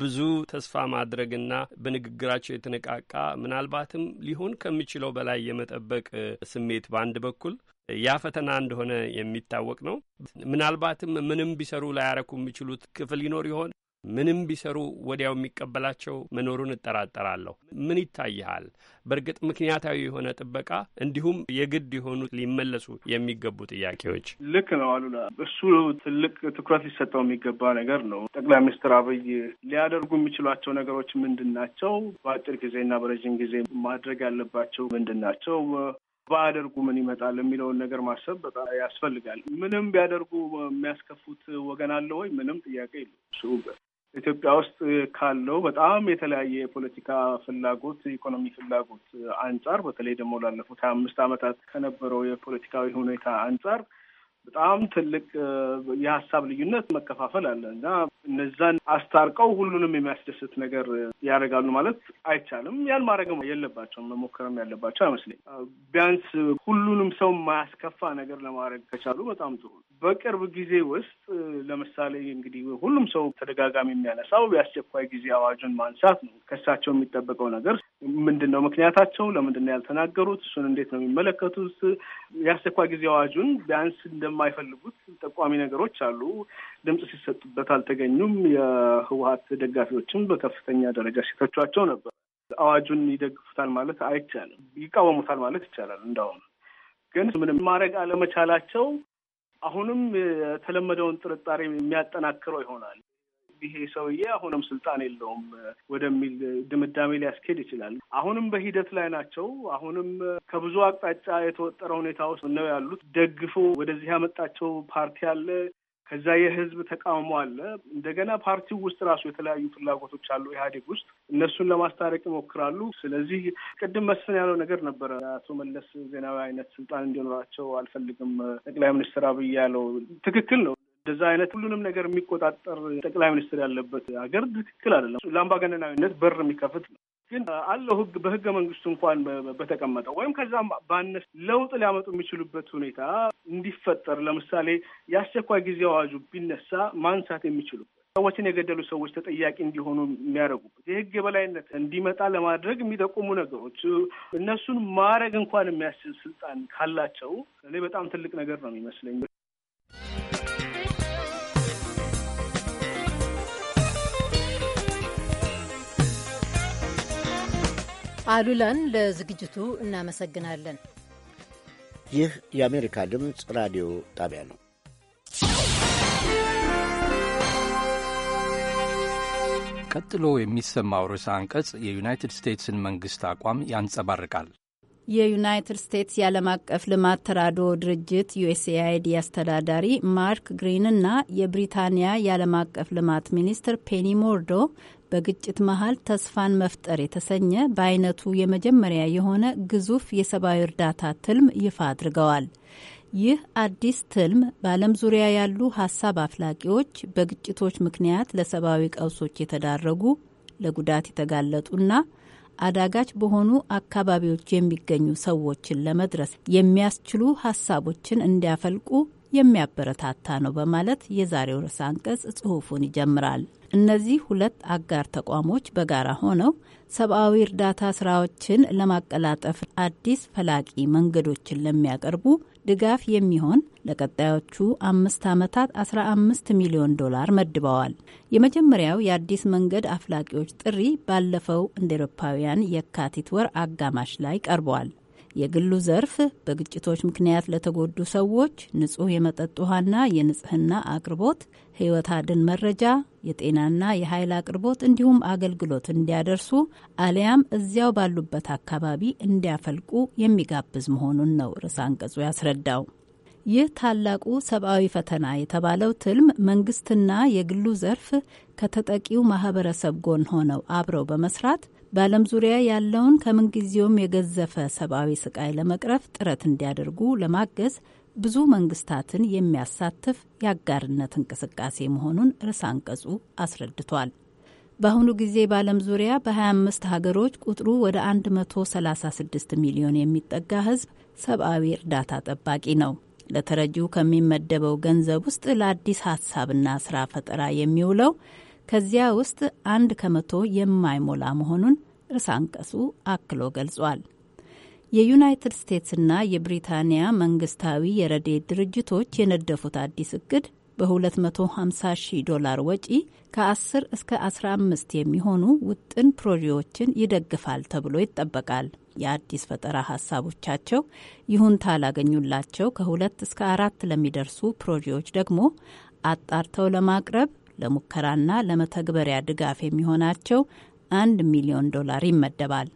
K: ብዙ ተስፋ ማድረግና በንግግራቸው የተነቃቃ ምናልባትም ሊሆን ከሚችለው በላይ የመጠበቅ ስሜት በአንድ በኩል ያ ፈተና እንደሆነ የሚታወቅ ነው። ምናልባትም ምንም ቢሰሩ ላያረኩ የሚችሉት ክፍል ይኖር ይሆን? ምንም ቢሰሩ ወዲያው የሚቀበላቸው መኖሩን እጠራጠራለሁ። ምን ይታይሃል? በእርግጥ ምክንያታዊ የሆነ ጥበቃ እንዲሁም የግድ የሆኑ ሊመለሱ የሚገቡ ጥያቄዎች።
L: ልክ ነው አሉላ፣ እሱ ትልቅ ትኩረት ሊሰጠው የሚገባ ነገር ነው። ጠቅላይ ሚኒስትር አብይ ሊያደርጉ የሚችሏቸው ነገሮች ምንድን ናቸው? በአጭር ጊዜና በረዥም ጊዜ ማድረግ ያለባቸው ምንድን ናቸው? ባያደርጉ ምን ይመጣል የሚለውን ነገር ማሰብ በጣም ያስፈልጋል። ምንም ቢያደርጉ የሚያስከፉት ወገን አለ ወይ? ምንም ጥያቄ የለም። ኢትዮጵያ ውስጥ ካለው በጣም የተለያየ የፖለቲካ ፍላጎት፣ የኢኮኖሚ ፍላጎት አንጻር በተለይ ደግሞ ላለፉት ሀያ አምስት ዓመታት ከነበረው የፖለቲካዊ ሁኔታ አንጻር በጣም ትልቅ የሀሳብ ልዩነት መከፋፈል አለ እና እነዛን አስታርቀው ሁሉንም የሚያስደስት ነገር ያደርጋሉ ማለት አይቻልም። ያን ማድረግ የለባቸውም መሞከርም ያለባቸው አይመስለኝ። ቢያንስ ሁሉንም ሰው የማያስከፋ ነገር ለማድረግ ከቻሉ በጣም ጥሩ። በቅርብ ጊዜ ውስጥ ለምሳሌ እንግዲህ ሁሉም ሰው ተደጋጋሚ የሚያነሳው የአስቸኳይ ጊዜ አዋጁን ማንሳት ነው። ከሳቸው የሚጠበቀው ነገር ምንድን ነው? ምክንያታቸው ለምንድን ነው ያልተናገሩት? እሱን እንዴት ነው የሚመለከቱት? የአስቸኳይ ጊዜ አዋጁን ቢያንስ እንደማይፈልጉት ጠቋሚ ነገሮች አሉ። ድምፅ ሲሰጡበት አልተገኘ የሚገኙም የህወሀት ደጋፊዎችም በከፍተኛ ደረጃ ሲተቿቸው ነበር። አዋጁን ይደግፉታል ማለት አይቻልም፣ ይቃወሙታል ማለት ይቻላል። እንደውም ግን ምንም ማድረግ አለመቻላቸው አሁንም የተለመደውን ጥርጣሬ የሚያጠናክረው ይሆናል። ይሄ ሰውዬ አሁንም ስልጣን የለውም ወደሚል ድምዳሜ ሊያስኬድ ይችላል። አሁንም በሂደት ላይ ናቸው። አሁንም ከብዙ አቅጣጫ የተወጠረ ሁኔታ ውስጥ ነው ያሉት። ደግፎ ወደዚህ ያመጣቸው ፓርቲ አለ። ከዛ የህዝብ ተቃውሞ አለ። እንደገና ፓርቲው ውስጥ ራሱ የተለያዩ ፍላጎቶች አሉ ኢህአዴግ ውስጥ እነሱን ለማስታረቅ ይሞክራሉ። ስለዚህ ቅድም መስፍን ያለው ነገር ነበረ። አቶ መለስ ዜናዊ አይነት ስልጣን እንዲኖራቸው አልፈልግም ጠቅላይ ሚኒስትር አብይ ያለው ትክክል ነው። እንደዛ አይነት ሁሉንም ነገር የሚቆጣጠር ጠቅላይ ሚኒስትር ያለበት ሀገር ትክክል አይደለም። ለአምባገነናዊነት በር የሚከፍት ነው። ግን አለው ህግ በህገ መንግስቱ እንኳን በተቀመጠው ወይም ከዛም ባነስ ለውጥ ሊያመጡ የሚችሉበት ሁኔታ እንዲፈጠር ለምሳሌ የአስቸኳይ ጊዜ አዋጁ ቢነሳ ማንሳት የሚችሉበት ሰዎችን የገደሉ ሰዎች ተጠያቂ እንዲሆኑ የሚያደርጉበት የህግ የበላይነት እንዲመጣ ለማድረግ የሚጠቁሙ ነገሮች እነሱን ማድረግ እንኳን የሚያስችል ስልጣን ካላቸው እኔ በጣም ትልቅ ነገር ነው የሚመስለኝ።
D: አሉላን ለዝግጅቱ እናመሰግናለን።
A: ይህ የአሜሪካ ድምፅ ራዲዮ ጣቢያ ነው። ቀጥሎ
D: የሚሰማው ርዕሰ አንቀጽ የዩናይትድ ስቴትስን መንግሥት አቋም ያንጸባርቃል።
N: የዩናይትድ ስቴትስ የዓለም አቀፍ ልማት ተራድኦ ድርጅት ዩኤስኤአይዲ አስተዳዳሪ ማርክ ግሪን እና የብሪታንያ የዓለም አቀፍ ልማት ሚኒስትር ፔኒ ሞርዶ በግጭት መሀል ተስፋን መፍጠር የተሰኘ በአይነቱ የመጀመሪያ የሆነ ግዙፍ የሰብአዊ እርዳታ ትልም ይፋ አድርገዋል። ይህ አዲስ ትልም በዓለም ዙሪያ ያሉ ሀሳብ አፍላቂዎች በግጭቶች ምክንያት ለሰብአዊ ቀውሶች የተዳረጉ ለጉዳት የተጋለጡና አዳጋች በሆኑ አካባቢዎች የሚገኙ ሰዎችን ለመድረስ የሚያስችሉ ሀሳቦችን እንዲያፈልቁ የሚያበረታታ ነው በማለት የዛሬው ርዕሰ አንቀጽ ጽሑፉን ይጀምራል። እነዚህ ሁለት አጋር ተቋሞች በጋራ ሆነው ሰብአዊ እርዳታ ስራዎችን ለማቀላጠፍ አዲስ ፈላቂ መንገዶችን ለሚያቀርቡ ድጋፍ የሚሆን ለቀጣዮቹ አምስት ዓመታት 15 ሚሊዮን ዶላር መድበዋል። የመጀመሪያው የአዲስ መንገድ አፍላቂዎች ጥሪ ባለፈው እንደ ኤሮፓውያን የካቲት ወር አጋማሽ ላይ ቀርበዋል። የግሉ ዘርፍ በግጭቶች ምክንያት ለተጎዱ ሰዎች ንጹህ የመጠጥ ውሃና የንጽህና አቅርቦት፣ ህይወት አድን መረጃ፣ የጤናና የኃይል አቅርቦት እንዲሁም አገልግሎት እንዲያደርሱ አሊያም እዚያው ባሉበት አካባቢ እንዲያፈልቁ የሚጋብዝ መሆኑን ነው ርዕሰ አንቀጹ ያስረዳው። ይህ ታላቁ ሰብአዊ ፈተና የተባለው ትልም መንግስትና የግሉ ዘርፍ ከተጠቂው ማህበረሰብ ጎን ሆነው አብረው በመስራት በዓለም ዙሪያ ያለውን ከምንጊዜውም የገዘፈ ሰብአዊ ስቃይ ለመቅረፍ ጥረት እንዲያደርጉ ለማገዝ ብዙ መንግስታትን የሚያሳትፍ የአጋርነት እንቅስቃሴ መሆኑን ርዕሰ አንቀጹ አስረድቷል። በአሁኑ ጊዜ በዓለም ዙሪያ በ25 ሀገሮች ቁጥሩ ወደ 136 ሚሊዮን የሚጠጋ ህዝብ ሰብአዊ እርዳታ ጠባቂ ነው። ለተረጂው ከሚመደበው ገንዘብ ውስጥ ለአዲስ ሀሳብና ስራ ፈጠራ የሚውለው ከዚያ ውስጥ አንድ ከመቶ የማይሞላ መሆኑን ርዕሰ አንቀጹ አክሎ ገልጿል። የዩናይትድ ስቴትስና የብሪታንያ መንግስታዊ የረድኤት ድርጅቶች የነደፉት አዲስ እቅድ በ250 ሺህ ዶላር ወጪ ከ10 እስከ 15 የሚሆኑ ውጥን ፕሮጂዎችን ይደግፋል ተብሎ ይጠበቃል። የአዲስ ፈጠራ ሀሳቦቻቸው ይሁንታ ላገኙላቸው ከሁለት እስከ አራት ለሚደርሱ ፕሮጂዎች ደግሞ አጣርተው ለማቅረብ ለሙከራና ለመተግበሪያ ድጋፍ የሚሆናቸው አንድ ሚሊዮን ዶላር ይመደባል።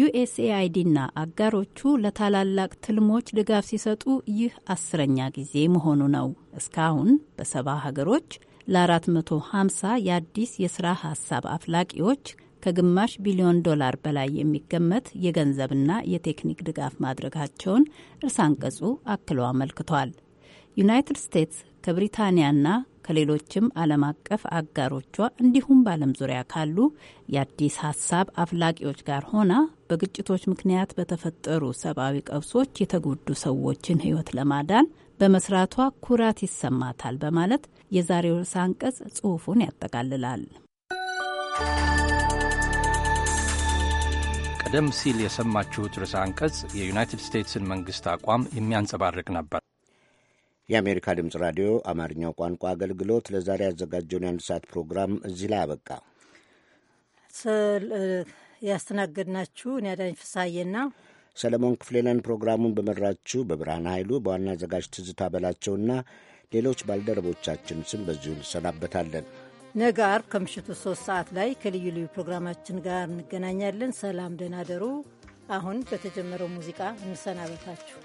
N: ዩኤስኤአይዲና አጋሮቹ ለታላላቅ ትልሞች ድጋፍ ሲሰጡ ይህ አስረኛ ጊዜ መሆኑ ነው። እስካሁን በሰባ ሀገሮች ለ450 የአዲስ የሥራ ሀሳብ አፍላቂዎች ከግማሽ ቢሊዮን ዶላር በላይ የሚገመት የገንዘብና የቴክኒክ ድጋፍ ማድረጋቸውን እርሳን ቀጹ አክሎ አመልክቷል። ዩናይትድ ስቴትስ ከብሪታንያና ከሌሎችም ዓለም አቀፍ አጋሮቿ እንዲሁም በዓለም ዙሪያ ካሉ የአዲስ ሀሳብ አፍላቂዎች ጋር ሆና በግጭቶች ምክንያት በተፈጠሩ ሰብአዊ ቀውሶች የተጎዱ ሰዎችን ሕይወት ለማዳን በመስራቷ ኩራት ይሰማታል በማለት የዛሬው ርዕሰ አንቀጽ ጽሑፉን ያጠቃልላል።
D: ቀደም ሲል የሰማችሁት ርዕሰ አንቀጽ የዩናይትድ ስቴትስን መንግስት አቋም የሚያንጸባርቅ ነበር።
A: የአሜሪካ ድምፅ ራዲዮ አማርኛው ቋንቋ አገልግሎት ለዛሬ ያዘጋጀውን የአንድ ሰዓት ፕሮግራም እዚህ ላይ አበቃ።
D: ያስተናገድናችሁ እኔ አዳኝ ፍሳዬና
A: ሰለሞን ክፍሌለን ፕሮግራሙን በመራችሁ በብርሃን ኃይሉ በዋና አዘጋጅ ትዝታ በላቸውና ሌሎች ባልደረቦቻችን ስም በዚሁ እንሰናበታለን።
D: ነገ አርብ ከምሽቱ ሶስት ሰዓት ላይ ከልዩ ልዩ ፕሮግራማችን ጋር እንገናኛለን። ሰላም ደህና ደሩ። አሁን በተጀመረው ሙዚቃ
H: እንሰናበታችሁ።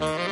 D: Mm-hmm.